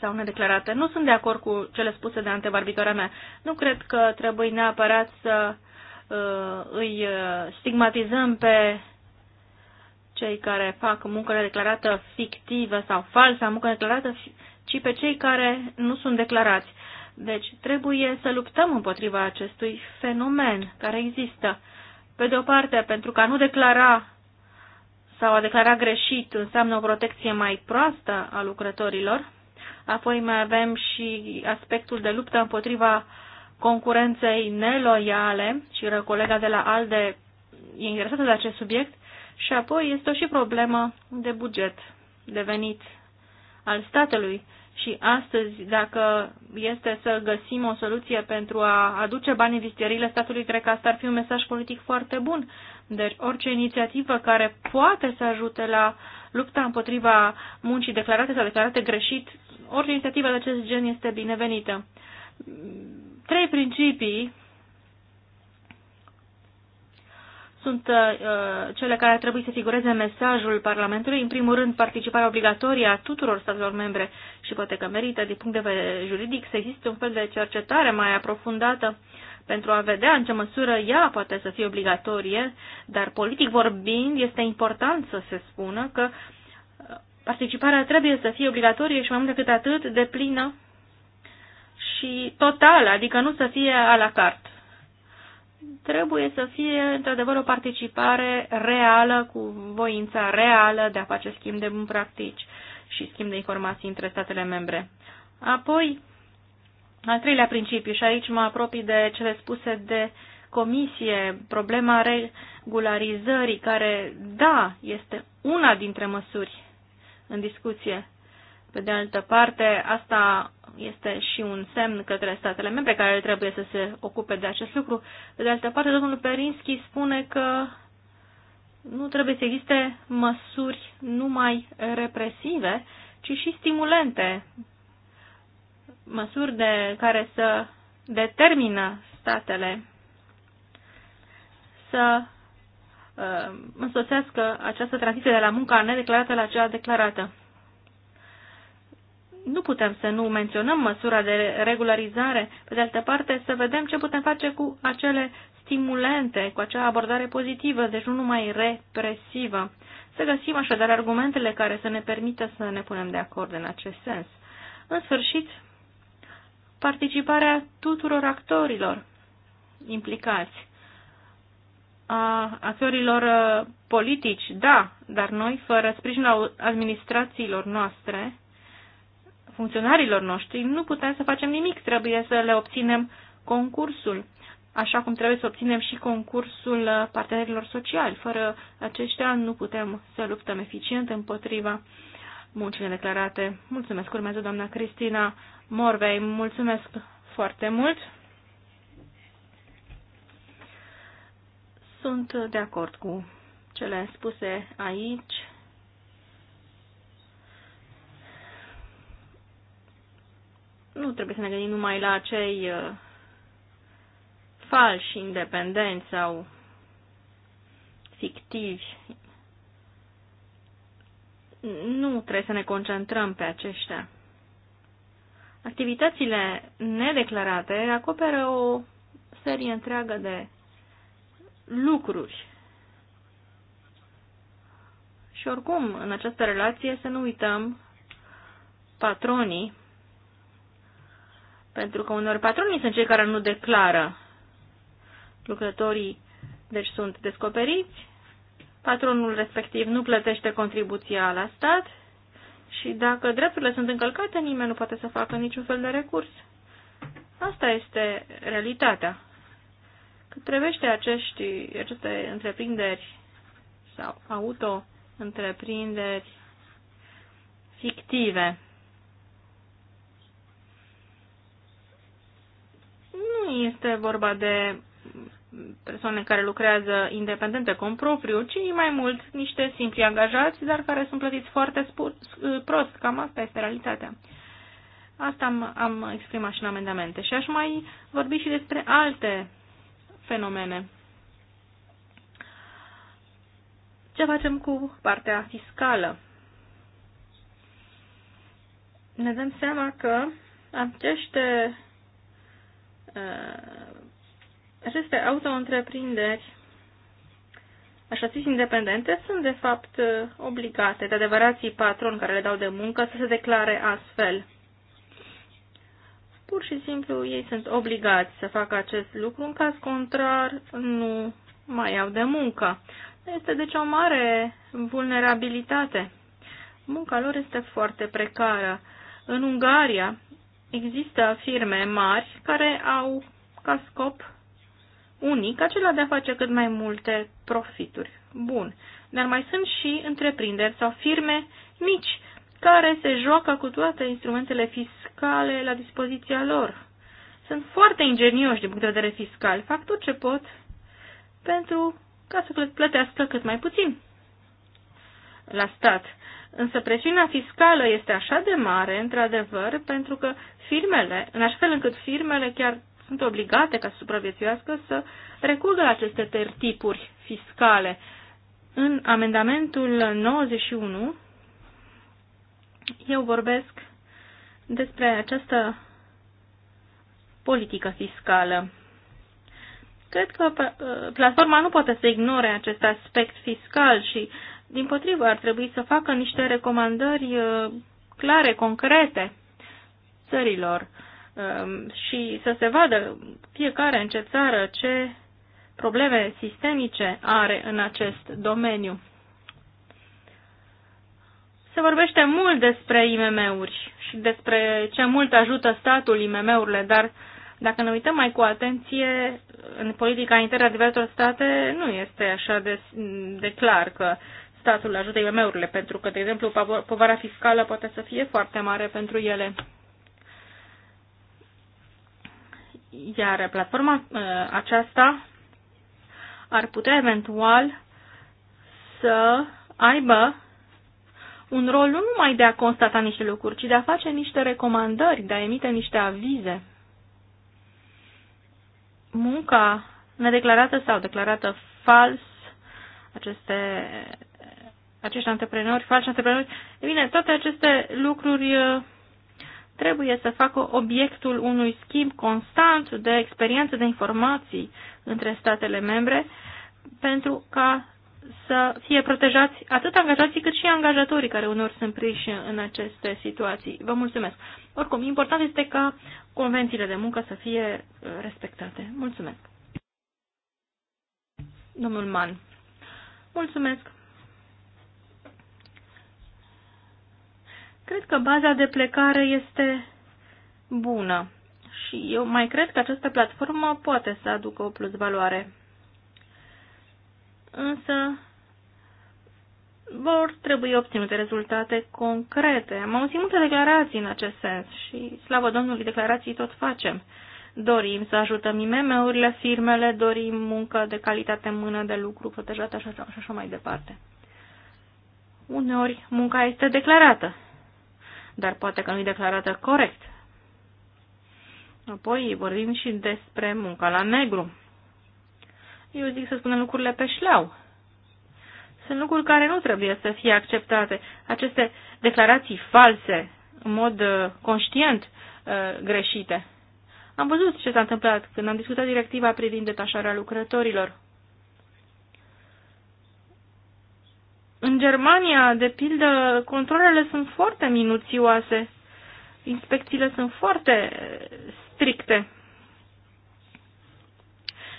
sau nedeclarate. Nu sunt de acord cu cele spuse de antevarbitoarea mea. Nu cred că trebuie neapărat să Uh, îi uh, stigmatizăm pe cei care fac muncă declarată fictivă sau falsă muncă declarată, ci pe cei care nu sunt declarați. Deci trebuie să luptăm împotriva acestui fenomen care există. Pe de o parte, pentru că a nu declara sau a declara greșit înseamnă o protecție mai proastă a lucrătorilor, apoi mai avem și aspectul de luptă împotriva concurenței neloiale și colega de la ALDE e interesată de acest subiect și apoi este o și problemă de buget, de venit al statului și astăzi, dacă este să găsim o soluție pentru a aduce banii din statului, cred că asta ar fi un mesaj politic foarte bun. Deci orice inițiativă care poate să ajute la lupta împotriva muncii declarate sau declarate greșit, orice inițiativă de acest gen este binevenită trei principii sunt uh, cele care ar trebui să figureze în mesajul Parlamentului. În primul rând, participarea obligatorie a tuturor statelor membre și poate că merită, din punct de vedere juridic, să existe un fel de cercetare mai aprofundată pentru a vedea în ce măsură ea poate să fie obligatorie, dar politic vorbind este important să se spună că uh, participarea trebuie să fie obligatorie și mai mult decât atât de plină și totală, adică nu să fie a la cart. Trebuie să fie, într-adevăr, o participare reală, cu voința reală de a face schimb de bun practici și schimb de informații între statele membre. Apoi, al treilea principiu, și aici mă apropii de cele spuse de comisie, problema regularizării, care, da, este una dintre măsuri în discuție. Pe de altă parte, asta este și un semn către statele membre care trebuie să se ocupe de acest lucru. Pe de altă parte, domnul Perinski spune că nu trebuie să existe măsuri numai represive, ci și stimulente, măsuri de care să determină statele să uh, însoțească această tranziție de la munca nedeclarată la cea declarată nu putem să nu menționăm măsura de regularizare, pe de altă parte să vedem ce putem face cu acele stimulente, cu acea abordare pozitivă, deci nu numai represivă. Să găsim așadar argumentele care să ne permită să ne punem de acord în acest sens. În sfârșit, participarea tuturor actorilor implicați, a actorilor uh, politici, da, dar noi, fără sprijinul administrațiilor noastre, funcționarilor noștri, nu putem să facem nimic, trebuie să le obținem concursul, așa cum trebuie să obținem și concursul uh, partenerilor sociali. Fără aceștia nu putem să luptăm eficient împotriva muncile declarate. Mulțumesc, urmează doamna Cristina Morvei, mulțumesc foarte mult. Sunt de acord cu cele spuse aici nu trebuie să ne gândim numai la cei uh, falși independenți sau fictivi. Nu trebuie să ne concentrăm pe aceștia. Activitățile nedeclarate acoperă o serie întreagă de lucruri. Și oricum, în această relație să nu uităm patronii pentru că unor patronii sunt cei care nu declară. Lucrătorii, deci, sunt descoperiți, patronul respectiv nu plătește contribuția la stat și dacă drepturile sunt încălcate, nimeni nu poate să facă niciun fel de recurs. Asta este realitatea. Cât privește acești, aceste întreprinderi sau auto-întreprinderi fictive, nu este vorba de persoane care lucrează independente, propriu, ci mai mult niște simpli angajați, dar care sunt plătiți foarte spur, uh, prost. Cam asta este realitatea. Asta am, am exprimat și în amendamente. Și aș mai vorbi și despre alte fenomene. Ce facem cu partea fiscală? Ne dăm seama că aceste Uh, aceste auto-întreprinderi, așa zis independente, sunt de fapt uh, obligate de adevărații patroni care le dau de muncă să se declare astfel. Pur și simplu ei sunt obligați să facă acest lucru, în caz contrar nu mai au de muncă. Este deci o mare vulnerabilitate. Munca lor este foarte precară. În Ungaria, există firme mari care au ca scop unic acela de a face cât mai multe profituri. Bun. Dar mai sunt și întreprinderi sau firme mici care se joacă cu toate instrumentele fiscale la dispoziția lor. Sunt foarte ingenioși din punct de vedere fiscal. Fac tot ce pot pentru ca să plătească cât mai puțin la stat. Însă presiunea fiscală este așa de mare, într-adevăr, pentru că firmele, în așa fel încât firmele chiar sunt obligate ca să supraviețuiască să recurgă la aceste tertipuri fiscale. În amendamentul 91 eu vorbesc despre această politică fiscală. Cred că uh, platforma nu poate să ignore acest aspect fiscal și din potrivă, ar trebui să facă niște recomandări uh, clare, concrete țărilor um, și să se vadă fiecare în ce țară ce probleme sistemice are în acest domeniu. Se vorbește mult despre IMM-uri și despre ce mult ajută statul IMM-urile, dar dacă ne uităm mai cu atenție, în politica internă a diverselor state nu este așa de, de clar că statul ajută IMM-urile, pentru că, de exemplu, povara fiscală poate să fie foarte mare pentru ele. Iar platforma uh, aceasta ar putea eventual să aibă un rol nu numai de a constata niște lucruri, ci de a face niște recomandări, de a emite niște avize. Munca nedeclarată sau declarată fals, aceste acești antreprenori, falși antreprenori. E bine, toate aceste lucruri uh, trebuie să facă obiectul unui schimb constant de experiențe, de informații între statele membre pentru ca să fie protejați atât angajații cât și angajatorii care unor sunt priși în aceste situații. Vă mulțumesc. Oricum, important este ca convențiile de muncă să fie uh, respectate. Mulțumesc. Domnul Man. Mulțumesc. Cred că baza de plecare este bună și eu mai cred că această platformă poate să aducă o plus valoare. Însă vor trebui obținute rezultate concrete. Am auzit multe declarații în acest sens și, slavă Domnului, declarații tot facem. Dorim să ajutăm IMM-urile, firmele, dorim muncă de calitate, mână de lucru protejată și așa, așa mai departe. Uneori munca este declarată, dar poate că nu i declarată corect. Apoi vorbim și despre munca la negru. Eu zic să spunem lucrurile pe șleau. Sunt lucruri care nu trebuie să fie acceptate. Aceste declarații false, în mod uh, conștient uh, greșite. Am văzut ce s-a întâmplat când am discutat directiva privind detașarea lucrătorilor. În Germania, de pildă, controlele sunt foarte minuțioase, inspecțiile sunt foarte stricte.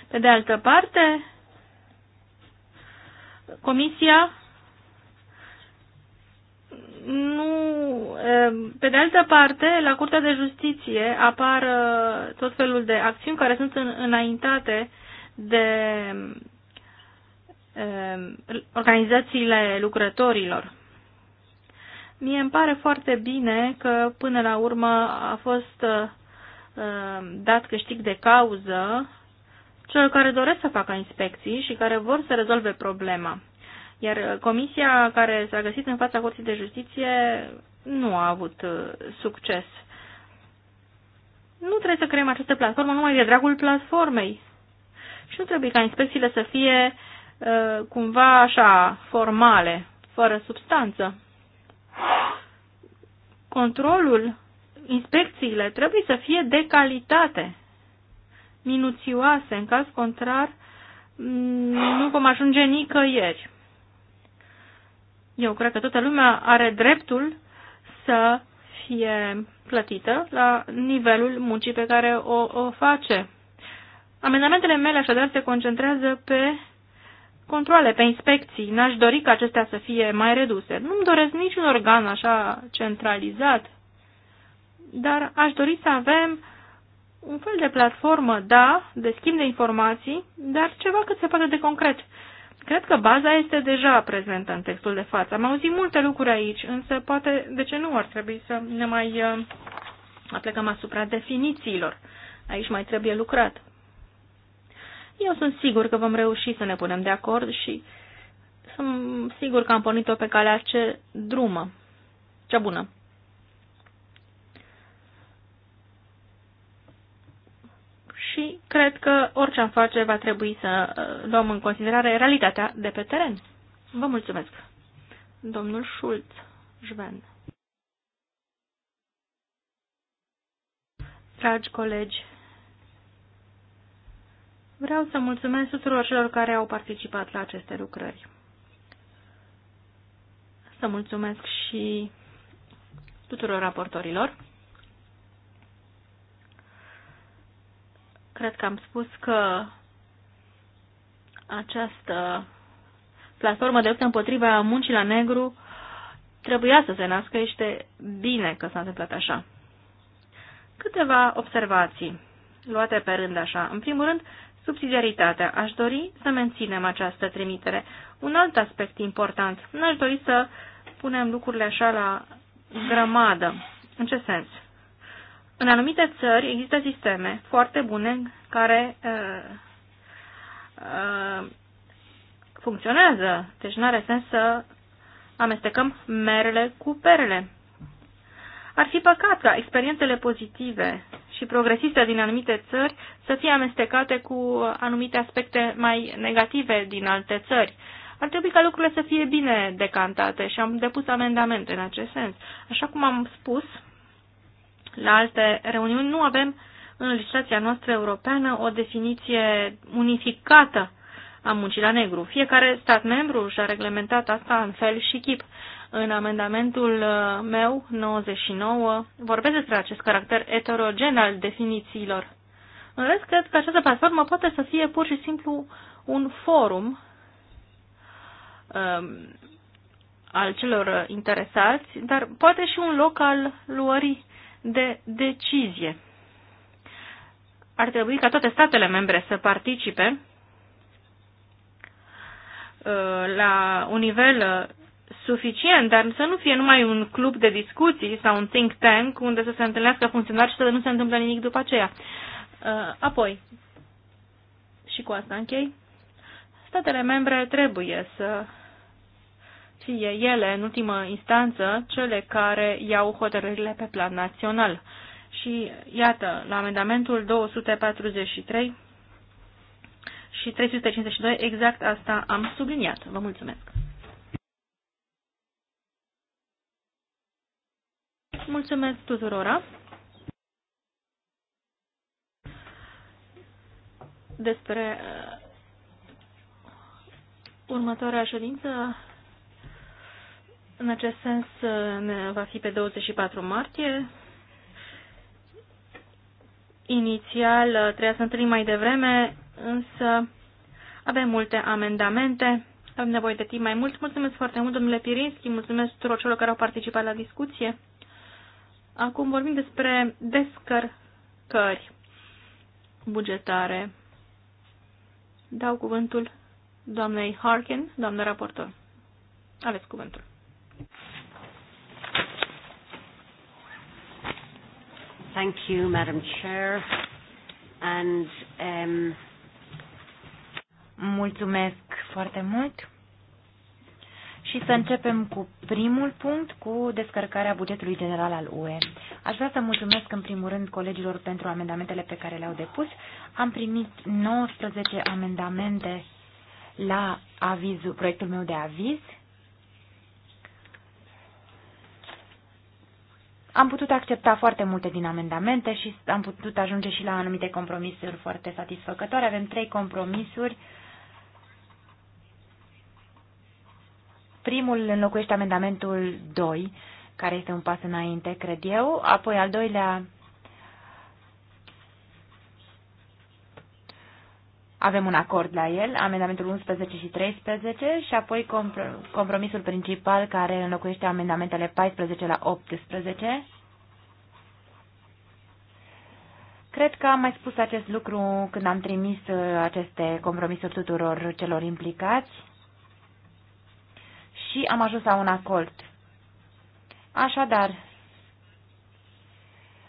Pe de altă parte, Comisia nu, pe de altă parte, la Curtea de Justiție apar uh, tot felul de acțiuni care sunt înaintate de Um, organizațiile lucrătorilor. Mie îmi pare foarte bine că până la urmă a fost uh, um, dat câștig de cauză celor care doresc să facă inspecții și care vor să rezolve problema. Iar uh, comisia care s-a găsit în fața Curții de Justiție nu a avut uh, succes. Nu trebuie să creăm această platformă numai de dragul platformei. Și nu trebuie ca inspecțiile să fie Eh, cumva așa, formale, fără substanță. Controlul, inspecțiile trebuie să fie de calitate, minuțioase, în caz contrar mm, nu vom ajunge nicăieri. Eu cred că toată lumea are dreptul să fie plătită la nivelul muncii pe care o, o face. Amendamentele mele așadar se concentrează pe controle, pe inspecții. N-aș dori ca acestea să fie mai reduse. Nu-mi doresc niciun organ așa centralizat, dar aș dori să avem un fel de platformă, da, de schimb de informații, dar ceva cât se poate de concret. Cred că baza este deja prezentă în textul de față. Am auzit multe lucruri aici, însă poate, de ce nu, ar trebui să ne mai uh, aplecăm asupra definițiilor. Aici mai trebuie lucrat. Eu sunt sigur că vom reuși să ne punem de acord și sunt sigur că am pornit-o pe calea ce drumă, cea bună. Și cred că orice am face va trebui să uh, luăm în considerare realitatea de pe teren. Vă mulțumesc. Domnul Schulz, Jven. Dragi colegi, Vreau să mulțumesc tuturor celor care au participat la aceste lucrări. Să mulțumesc și tuturor raportorilor. Cred că am spus că această platformă de luptă împotriva muncii la negru trebuia să se nască, este bine că s-a întâmplat așa. Câteva observații, luate pe rând așa. În primul rând, subsidiaritatea. Aș dori să menținem această trimitere. Un alt aspect important. Nu aș dori să punem lucrurile așa la grămadă. În ce sens? În anumite țări există sisteme foarte bune care uh, uh, funcționează, deci nu are sens să amestecăm merele cu perele. Ar fi păcat ca experiențele pozitive și progresiste din anumite țări să fie amestecate cu anumite aspecte mai negative din alte țări. Ar trebui ca lucrurile să fie bine decantate și am depus amendamente în acest sens. Așa cum am spus, la alte reuniuni nu avem în legislația noastră europeană o definiție unificată a muncii la negru. Fiecare stat membru și-a reglementat asta în fel și chip în amendamentul uh, meu 99 vorbesc despre acest caracter heterogen al definițiilor. În rest, cred că această platformă poate să fie pur și simplu un forum um, al celor interesați, dar poate și un loc al luării de decizie. Ar trebui ca toate statele membre să participe uh, la un nivel uh, suficient, dar să nu fie numai un club de discuții sau un think tank unde să se întâlnească funcționari și să nu se întâmple nimic după aceea. Uh, apoi, și cu asta închei, statele membre trebuie să fie ele, în ultimă instanță, cele care iau hotărârile pe plan național. Și iată, la amendamentul 243 și 352, exact asta am subliniat. Vă mulțumesc! Mulțumesc tuturora! Despre uh, următoarea ședință, în acest sens, uh, va fi pe 24 martie. Inițial uh, trebuia să întâlnim mai devreme, însă avem multe amendamente avem nevoie de timp mai mult. Mulțumesc foarte mult, domnule Pirinski, mulțumesc tuturor celor care au participat la discuție. Acum vorbim despre descărcări bugetare. Dau cuvântul doamnei Harkin, doamnă raportor. Aveți cuvântul. Thank you, Madam Chair. And, um... Mulțumesc foarte mult și să începem cu primul punct, cu descărcarea bugetului general al UE. Aș vrea să mulțumesc în primul rând colegilor pentru amendamentele pe care le-au depus. Am primit 19 amendamente la avizul, proiectul meu de aviz. Am putut accepta foarte multe din amendamente și am putut ajunge și la anumite compromisuri foarte satisfăcătoare. Avem trei compromisuri uh, Primul înlocuiește amendamentul 2, care este un pas înainte, cred eu. Apoi al doilea avem un acord la el, amendamentul 11 și 13 și apoi compromisul principal care înlocuiește amendamentele 14 la 18. Cred că am mai spus acest lucru când am trimis uh, aceste compromisuri tuturor celor implicați și am ajuns la un acord. Așadar,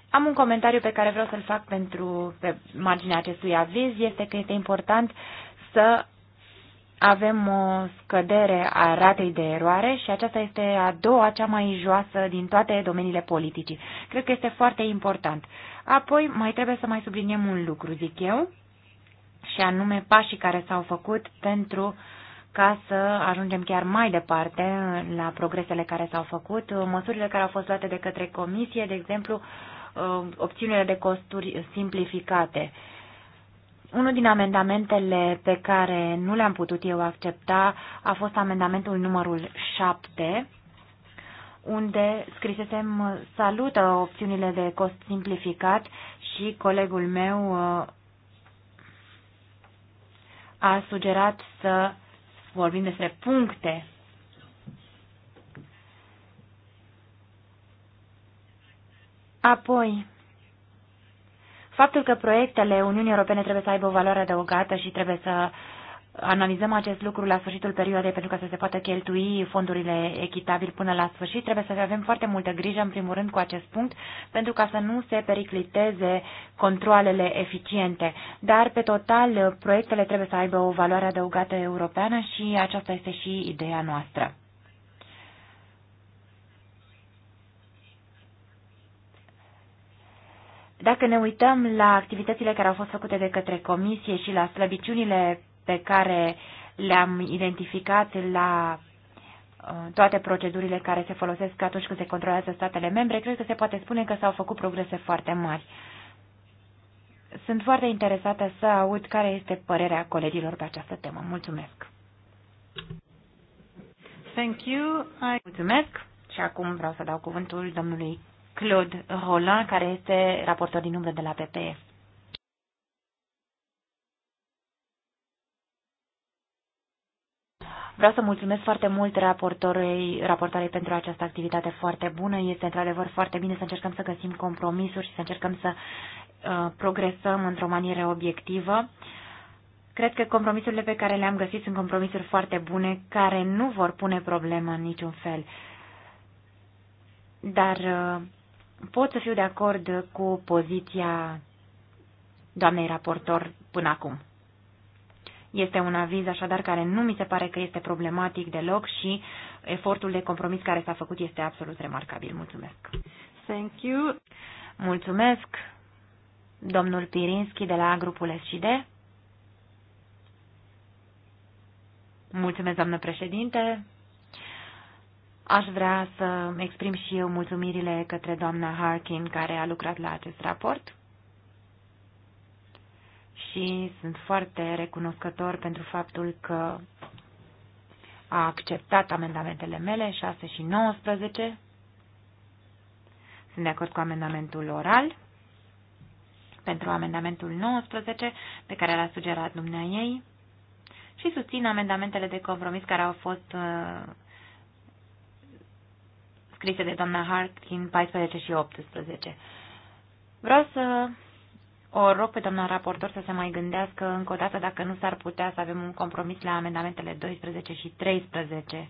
am un comentariu pe care vreau să-l fac pentru pe marginea acestui aviz, este că este important să avem o scădere a ratei de eroare și aceasta este a doua cea mai joasă din toate domeniile politicii. Cred că este foarte important. Apoi mai trebuie să mai subliniem un lucru, zic eu, și anume pașii care s-au făcut pentru uh, ca să ajungem chiar mai departe la progresele care s-au făcut, măsurile care au fost luate de către comisie, de exemplu, uh, opțiunile de costuri simplificate. Unul din amendamentele pe care nu le-am putut eu accepta a fost amendamentul numărul 7, unde scrisesem salută opțiunile de cost simplificat și colegul meu uh, a sugerat să vorbim despre puncte. Apoi, faptul că proiectele Uniunii Europene trebuie să aibă o valoare adăugată și trebuie să analizăm acest lucru la sfârșitul perioadei pentru ca să se poată cheltui fondurile echitabil până la sfârșit, trebuie să avem foarte multă grijă, în primul rând, cu acest punct, pentru ca să nu se pericliteze controlele eficiente. Dar, pe total, proiectele trebuie să aibă o valoare adăugată europeană și aceasta este și ideea noastră. Dacă ne uităm la activitățile care au fost făcute de către Comisie și la slăbiciunile pe care le-am identificat la uh, toate procedurile care se folosesc atunci când se controlează statele membre, cred că se poate spune că s-au făcut progrese foarte mari. Sunt foarte interesată să aud care este părerea colegilor pe această temă. Mulțumesc! Thank you. I... Mulțumesc și acum vreau să dau cuvântul domnului Claude Roland, care este raportor din umbră de la PPE. Vreau să mulțumesc foarte mult raportorului, raportoarei pentru această activitate foarte bună. Este într-adevăr foarte bine să încercăm să găsim compromisuri și să încercăm să uh, progresăm într-o manieră obiectivă. Cred că compromisurile pe care le-am găsit sunt compromisuri foarte bune, care nu vor pune problemă în niciun fel. Dar uh, pot să fiu de acord cu poziția doamnei raportor până acum. Este un aviz așadar care nu mi se pare că este problematic deloc și efortul de compromis care s-a făcut este absolut remarcabil. Mulțumesc! Thank you! Mulțumesc! Domnul Pirinski de la grupul SCD. Mulțumesc, doamnă președinte! Aș vrea să exprim și eu mulțumirile către doamna Harkin, care a lucrat la acest raport și sunt foarte recunoscător pentru faptul că a acceptat amendamentele mele, 6 și 19. Sunt de acord cu amendamentul oral. Pentru amendamentul 19, pe care l-a sugerat dumnea ei, și susțin amendamentele de compromis care au fost uh, scrise de doamna în 14 și 18. Vreau să o rog pe doamna raportor să se mai gândească încă o dată dacă nu s-ar putea să avem un compromis la amendamentele 12 și 13,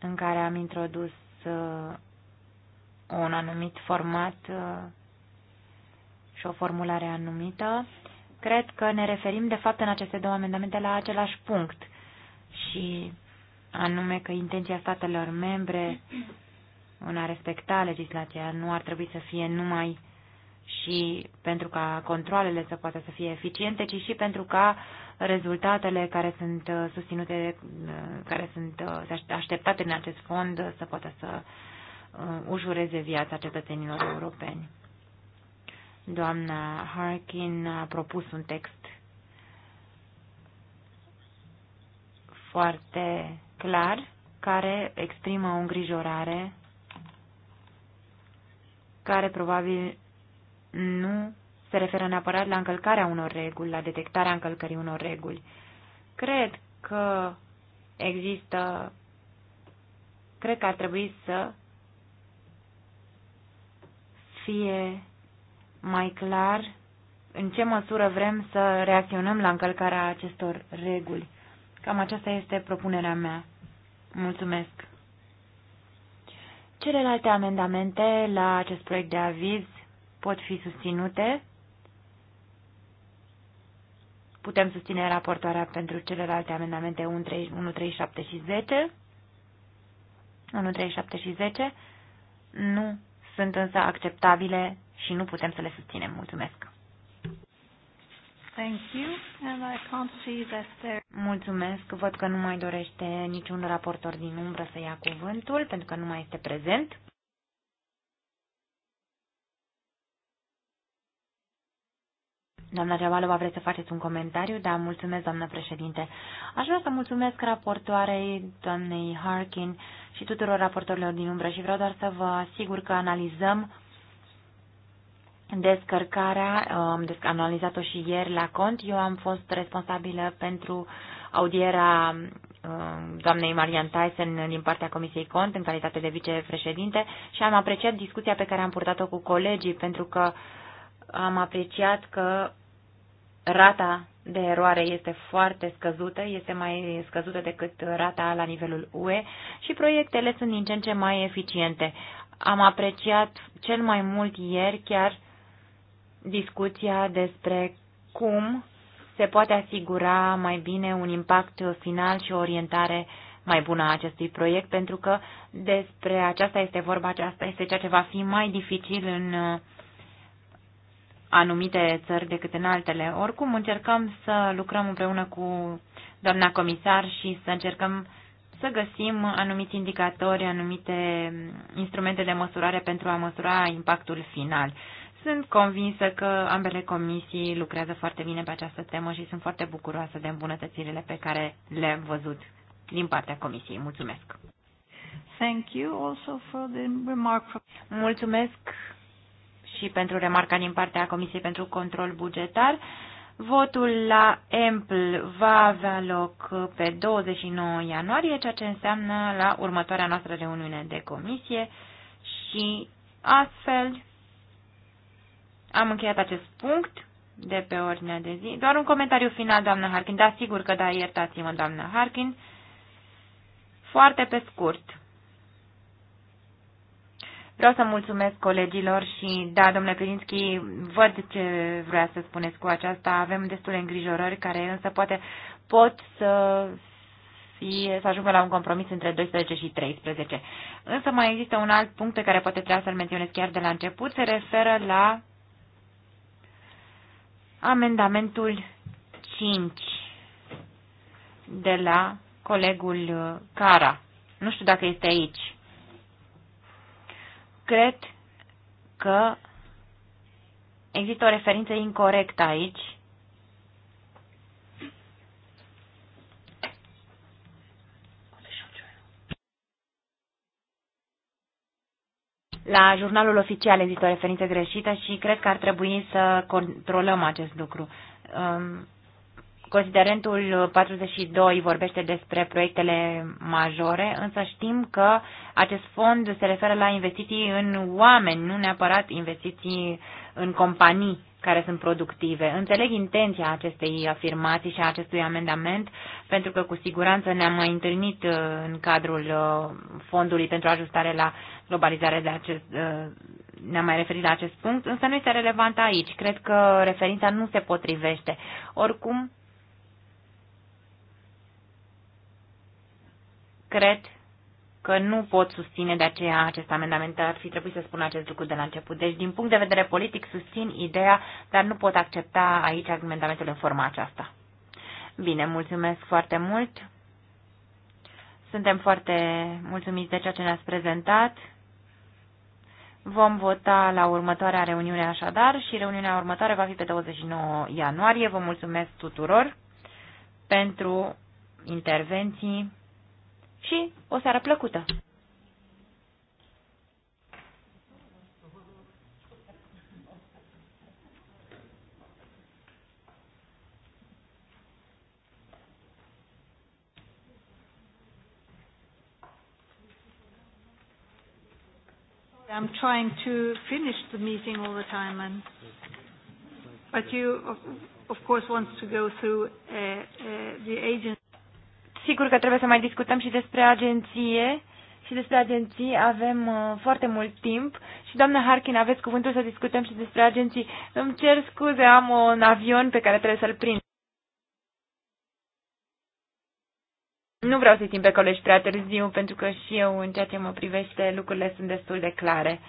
în care am introdus uh, un anumit format uh, și o formulare anumită. Cred că ne referim, de fapt, în aceste două amendamente la același punct și anume că intenția statelor membre în a respecta legislația nu ar trebui să fie numai și pentru ca controlele să poată să fie eficiente, ci și pentru ca rezultatele care sunt uh, susținute, uh, care sunt uh, așteptate în acest fond să poată să ușureze viața cetățenilor europeni. Doamna Harkin a propus un text foarte clar care exprimă o îngrijorare care probabil nu se referă neapărat la încălcarea unor reguli, la detectarea încălcării unor reguli. Cred că există, cred că ar trebui să fie mai clar în ce măsură vrem să reacționăm la încălcarea acestor reguli. Cam aceasta este propunerea mea. Mulțumesc. Celelalte amendamente la acest proiect de aviz pot fi susținute. Putem susține raportoarea pentru celelalte amendamente 1, 3, 1, 3, 7 și 10. 1, 3, 7 și 10 nu sunt însă acceptabile și nu putem să le susținem. Mulțumesc! Thank you. And I can't see that there... Mulțumesc. Văd că nu mai dorește niciun raportor din umbră să ia cuvântul, pentru că nu mai este prezent. Doamna Javalova, vreți să faceți un comentariu? Da, mulțumesc, doamnă președinte. Aș vrea să mulțumesc raportoarei, doamnei Harkin și tuturor raportorilor din umbră și vreau doar să vă asigur că analizăm descărcarea, am analizat-o și ieri la cont. Eu am fost responsabilă pentru audiera um, doamnei Marian Tyson din partea Comisiei Cont în calitate de vicepreședinte și am apreciat discuția pe care am purtat-o cu colegii pentru că am apreciat că rata de eroare este foarte scăzută, este mai scăzută decât rata la nivelul UE și proiectele sunt din ce în ce mai eficiente. Am apreciat cel mai mult ieri chiar discuția despre cum se poate asigura mai bine un impact final și o orientare mai bună a acestui proiect, pentru că despre aceasta este vorba, aceasta este ceea ce va fi mai dificil în uh, anumite țări decât în altele. Oricum, încercăm să lucrăm împreună cu doamna comisar și să încercăm să găsim anumiți indicatori, anumite instrumente de măsurare pentru a măsura impactul final. Sunt convinsă că ambele comisii lucrează foarte bine pe această temă și sunt foarte bucuroasă de îmbunătățirile pe care le-am văzut din partea comisiei. Mulțumesc! Thank you also for the remark. Mulțumesc și pentru remarca din partea Comisiei pentru Control Bugetar. Votul la EMPL va avea loc pe 29 ianuarie, ceea ce înseamnă la următoarea noastră reuniune de comisie și astfel am încheiat acest punct de pe ordinea de zi. Doar un comentariu final, doamnă Harkin. Da, sigur că da, iertați-mă, doamnă Harkin. Foarte pe scurt. Vreau să mulțumesc colegilor și, da, domnule Pirinski, văd ce vrea să spuneți cu aceasta. Avem destule îngrijorări care însă poate pot să fie, să ajungă la un compromis între 12 și 13. Însă mai există un alt punct pe care poate trebuie să-l menționez chiar de la început. Se referă la amendamentul 5 de la colegul Cara. Nu știu dacă este aici. Cred că există o referință incorrectă aici. La jurnalul oficial există o referință greșită și cred că ar trebui să controlăm acest lucru. Um, Considerentul 42 vorbește despre proiectele majore, însă știm că acest fond se referă la investiții în oameni, nu neapărat investiții în companii care sunt productive. Înțeleg intenția acestei afirmații și a acestui amendament, pentru că cu siguranță ne-am mai întâlnit uh, în cadrul uh, fondului pentru ajustare la globalizare de acest, uh, ne-am mai referit la acest punct, însă nu este relevant aici. Cred că referința nu se potrivește. Oricum, cred că nu pot susține de aceea acest amendament. Ar fi trebuit să spun acest lucru de la început. Deci, din punct de vedere politic, susțin ideea, dar nu pot accepta aici argumentamentul în forma aceasta. Bine, mulțumesc foarte mult. Suntem foarte mulțumiți de ceea ce ne-ați prezentat. Vom vota la următoarea reuniune așadar și reuniunea următoare va fi pe 29 ianuarie. Vă mulțumesc tuturor pentru intervenții și o seară plăcută! I'm trying to finish the meeting all the time, and but you, of, of course, want to go through uh, uh, the agency. Sigur că trebuie să mai discutăm și despre agenție și despre agenții avem uh, foarte mult timp și, doamna Harkin, aveți cuvântul să discutăm și despre agenții. Îmi cer scuze, am un avion pe care trebuie să-l prind. Nu vreau să-i țin pe colegi prea târziu, pentru că și eu, în ceea ce mă privește, lucrurile sunt destul de clare.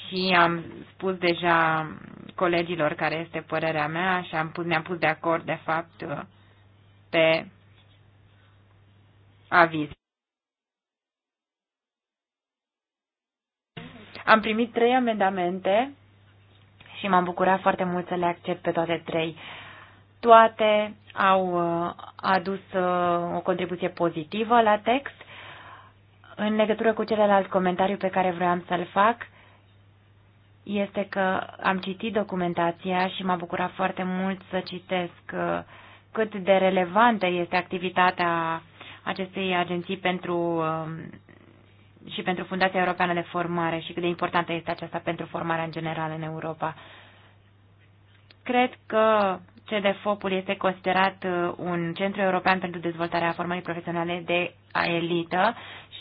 Și am spus deja colegilor care este părerea mea și am pus, ne-am pus de acord, de fapt, pe aviz. Am primit trei amendamente și m-am bucurat foarte mult să le accept pe toate trei. Toate au uh, adus uh, o contribuție pozitivă la text. În legătură cu celălalt comentariu pe care vreau să-l fac, este că am citit documentația și m-a bucurat foarte mult să citesc uh, cât de relevantă este activitatea acestei agenții pentru um, și pentru Fundația Europeană de Formare și cât de importantă este aceasta pentru formarea în general în Europa. Cred că CDFOP-ul este considerat uh, un centru european pentru dezvoltarea formării profesionale de elită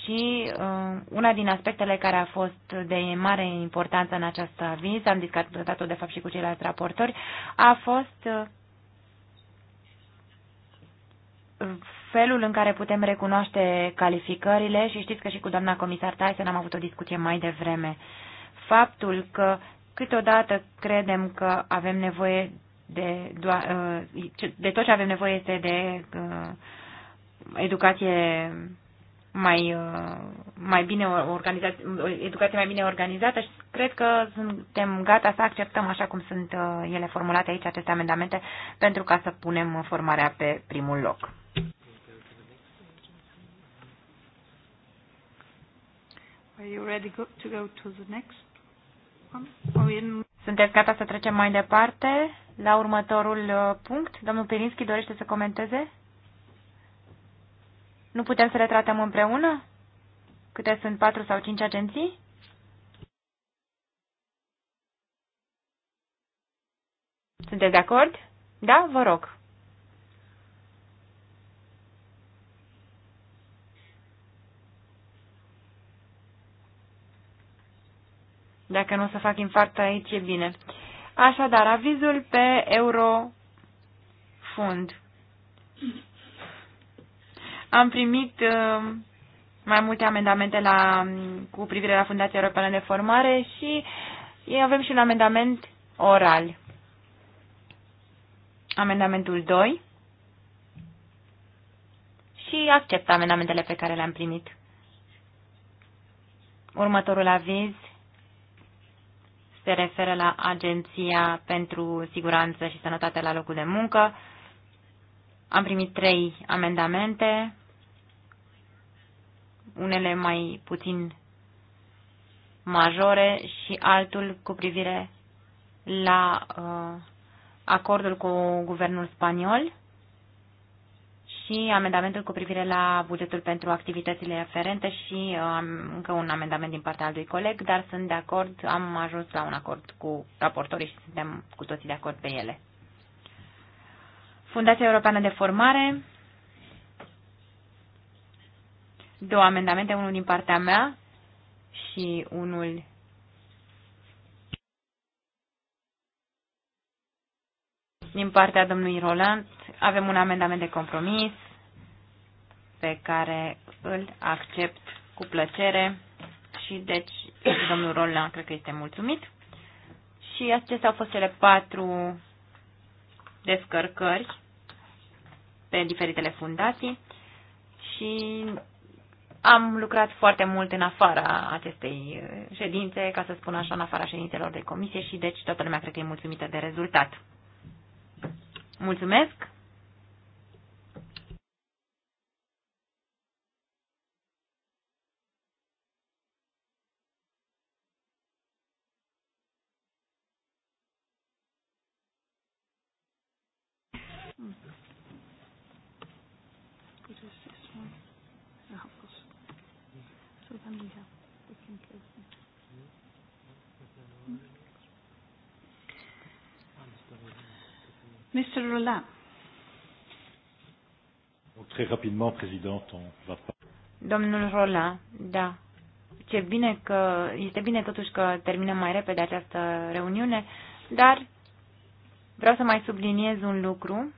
și uh, una din aspectele care a fost de mare importanță în această aviz, am discutat-o de fapt și cu ceilalți raportori, a fost uh, felul în care putem recunoaște calificările și știți că și cu doamna comisar Tyson am avut o discuție mai devreme. Faptul că câteodată credem că avem nevoie de, uh, de tot ce avem nevoie este de uh, educație mai, uh, mai bine organizată, educație mai bine organizată și cred că suntem gata să acceptăm așa cum sunt ele formulate aici aceste amendamente pentru ca să punem formarea pe primul loc. Are you ready go to go to the next one? In... Sunteți gata să trecem mai departe la următorul uh, punct? Domnul Pirinski dorește să comenteze? Nu putem să le tratăm împreună? Câte sunt patru sau cinci agenții? Sunteți de acord? Da? Vă rog. Dacă nu o să fac infarct aici, e bine. Așadar, avizul pe Eurofund. Am primit uh, mai multe amendamente la, cu privire la Fundația Europeană de Formare și avem și un amendament oral. Amendamentul 2 și accept amendamentele pe care le-am primit. Următorul aviz se referă la Agenția pentru Siguranță și Sănătate la locul de muncă. Am primit trei amendamente, unele mai puțin majore și altul cu privire la uh, acordul cu guvernul spaniol și amendamentul cu privire la bugetul pentru activitățile aferente și am um, încă un amendament din partea altui coleg, dar sunt de acord, am ajuns la un acord cu raportorii și suntem cu toții de acord pe ele. Fundația Europeană de Formare, două amendamente, unul din partea mea și unul din partea domnului Roland avem un amendament de compromis pe care îl accept cu plăcere și deci domnul Rolla cred că este mulțumit. Și acestea au fost cele patru descărcări pe diferitele fundații și am lucrat foarte mult în afara acestei ședințe, ca să spun așa, în afara ședințelor de comisie și deci toată lumea cred că e mulțumită de rezultat. Mulțumesc! What is this one? So then we have Mr. Roland. Donc, très rapidement, Présidente, on va pas. Domnul Roland, da. Ce bine că, este bine totuși că terminăm mai repede această reuniune, dar vreau să mai subliniez un lucru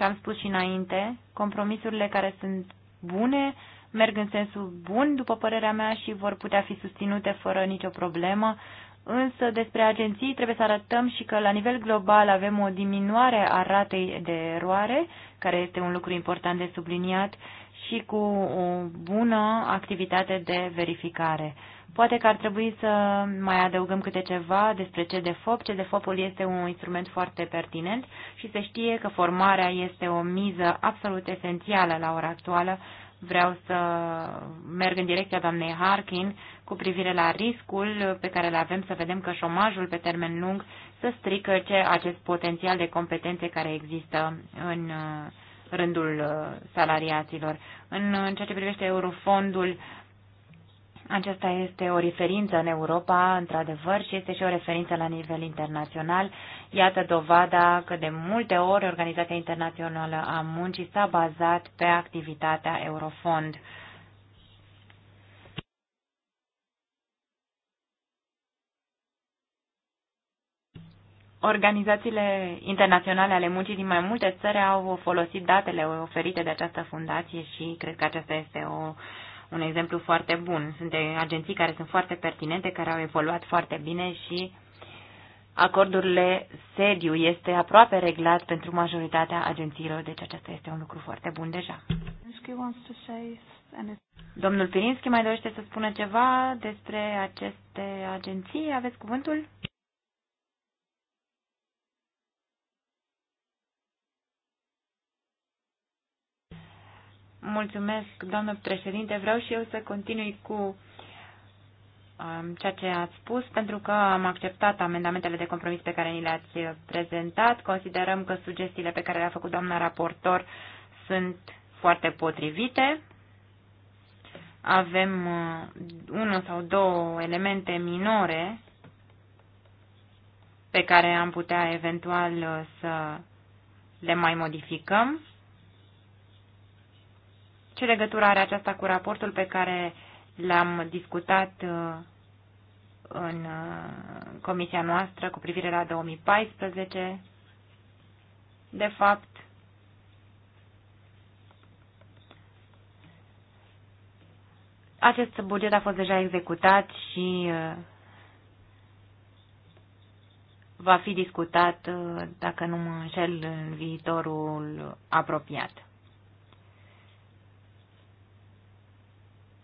ce am spus și înainte, compromisurile care sunt bune merg în sensul bun, după părerea mea, și vor putea fi susținute fără nicio problemă. Însă despre agenții trebuie să arătăm și că la nivel global avem o diminuare a ratei de eroare, care este un lucru important de subliniat, și cu o bună activitate de verificare. Poate că ar trebui să mai adăugăm câte ceva despre CDFOP. CDFOP-ul este un instrument foarte pertinent și se știe că formarea este o miză absolut esențială la ora actuală. Vreau să merg în direcția doamnei Harkin cu privire la riscul pe care îl avem să vedem că șomajul pe termen lung să strică ce acest potențial de competențe care există în uh, rândul uh, salariaților. În ceea ce privește eurofondul, aceasta este o referință în Europa, într-adevăr, și este și o referință la nivel internațional. Iată dovada că de multe ori Organizația Internațională a Muncii s-a bazat pe activitatea Eurofond. Organizațiile internaționale ale muncii din mai multe țări au folosit datele oferite de această fundație și cred că aceasta este o, un exemplu foarte bun. Sunt agenții care sunt foarte pertinente, care au evoluat foarte bine și acordurile sediu este aproape reglat pentru majoritatea agențiilor, deci acesta este un lucru foarte bun deja. Domnul Pirinski mai dorește să spună ceva despre aceste agenții? Aveți cuvântul? Mulțumesc, doamnă președinte. Vreau și eu să continui cu um, ceea ce ați spus, pentru că am acceptat amendamentele de compromis pe care ni le-ați prezentat. Considerăm că sugestiile pe care le-a făcut doamna raportor sunt foarte potrivite. Avem uh, unul sau două elemente minore pe care am putea eventual uh, să le mai modificăm. Ce legătură are aceasta cu raportul pe care l-am discutat uh, în uh, comisia noastră cu privire la 2014? De fapt, acest buget a fost deja executat și uh, va fi discutat, dacă nu mă înșel, în viitorul apropiat.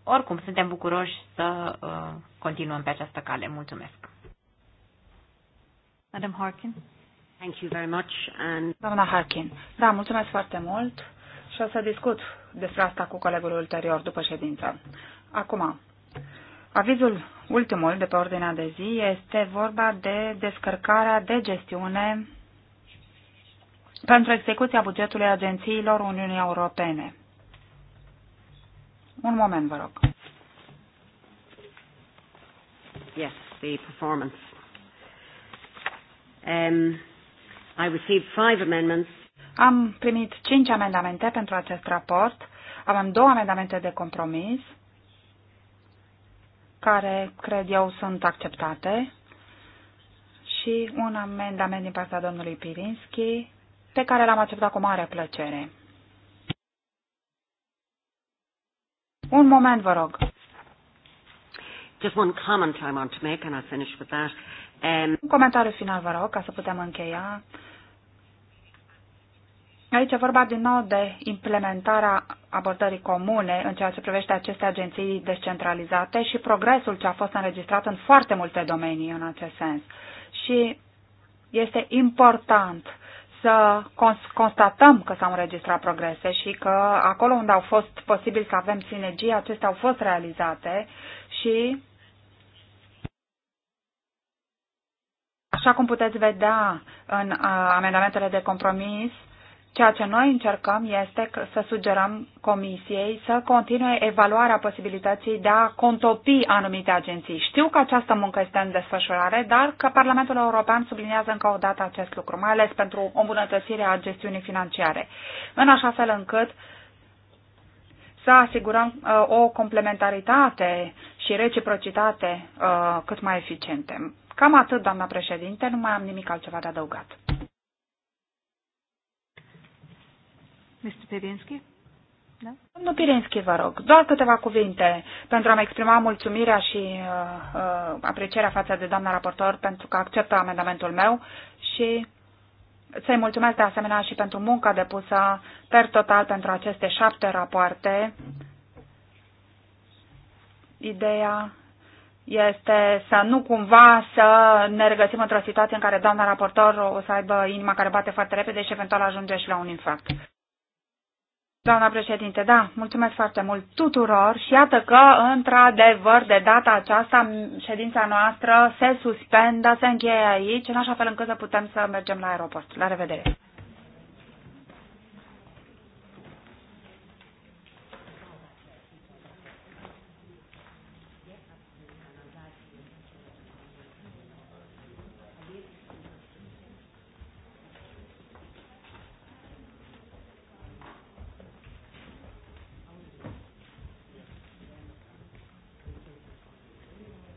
oricum, suntem bucuroși să uh, continuăm pe această cale. Mulțumesc. Madam Harkin. Thank you very much. And... Doamna Harkin, da, mulțumesc foarte mult și o să discut despre asta cu colegul ulterior după ședință. Acum, avizul ultimul de pe ordinea de zi este vorba de descărcarea de gestiune pentru execuția bugetului agențiilor Uniunii Europene. Un moment, vă rog. Yes, the performance. Um, I received five amendments. Am primit cinci amendamente pentru acest raport. Avem două amendamente de compromis care, cred eu, sunt acceptate și un amendament din partea domnului Pirinski pe care l-am acceptat cu mare plăcere. Un moment, vă rog. Just one comment I want to make and I'll finish with that. Um... Un comentariu final, vă rog, ca să putem încheia. Aici e vorba din nou de implementarea abordării comune în ceea ce privește aceste agenții descentralizate și progresul ce a fost înregistrat în foarte multe domenii în acest sens. Și este important să constatăm că s-au înregistrat progrese și că acolo unde au fost posibil să avem sinergie, acestea au fost realizate și Așa cum puteți vedea în uh, amendamentele de compromis, Ceea ce noi încercăm este să sugerăm Comisiei să continue evaluarea posibilității de a contopi anumite agenții. Știu că această muncă este în desfășurare, dar că Parlamentul European subliniază încă o dată acest lucru, mai ales pentru o îmbunătățire a gestiunii financiare, în așa fel încât să asigurăm uh, o complementaritate și reciprocitate uh, cât mai eficiente. Cam atât, doamna președinte, nu mai am nimic altceva de adăugat. Mr. Pirinski? Da? Domnul Pirinski, vă rog, doar câteva cuvinte pentru a-mi exprima mulțumirea și uh, uh, aprecierea față de doamna raportor pentru că acceptă amendamentul meu și să-i mulțumesc de asemenea și pentru munca depusă per total pentru aceste șapte rapoarte. Ideea este să nu cumva să ne regăsim într-o situație în care doamna raportor o să aibă inima care bate foarte repede și eventual ajunge și la un infarct. Doamna președinte, da, mulțumesc foarte mult tuturor și iată că, într-adevăr, de data aceasta, ședința noastră se suspendă, se încheie aici, în așa fel încât să putem să mergem la aeroport. La revedere!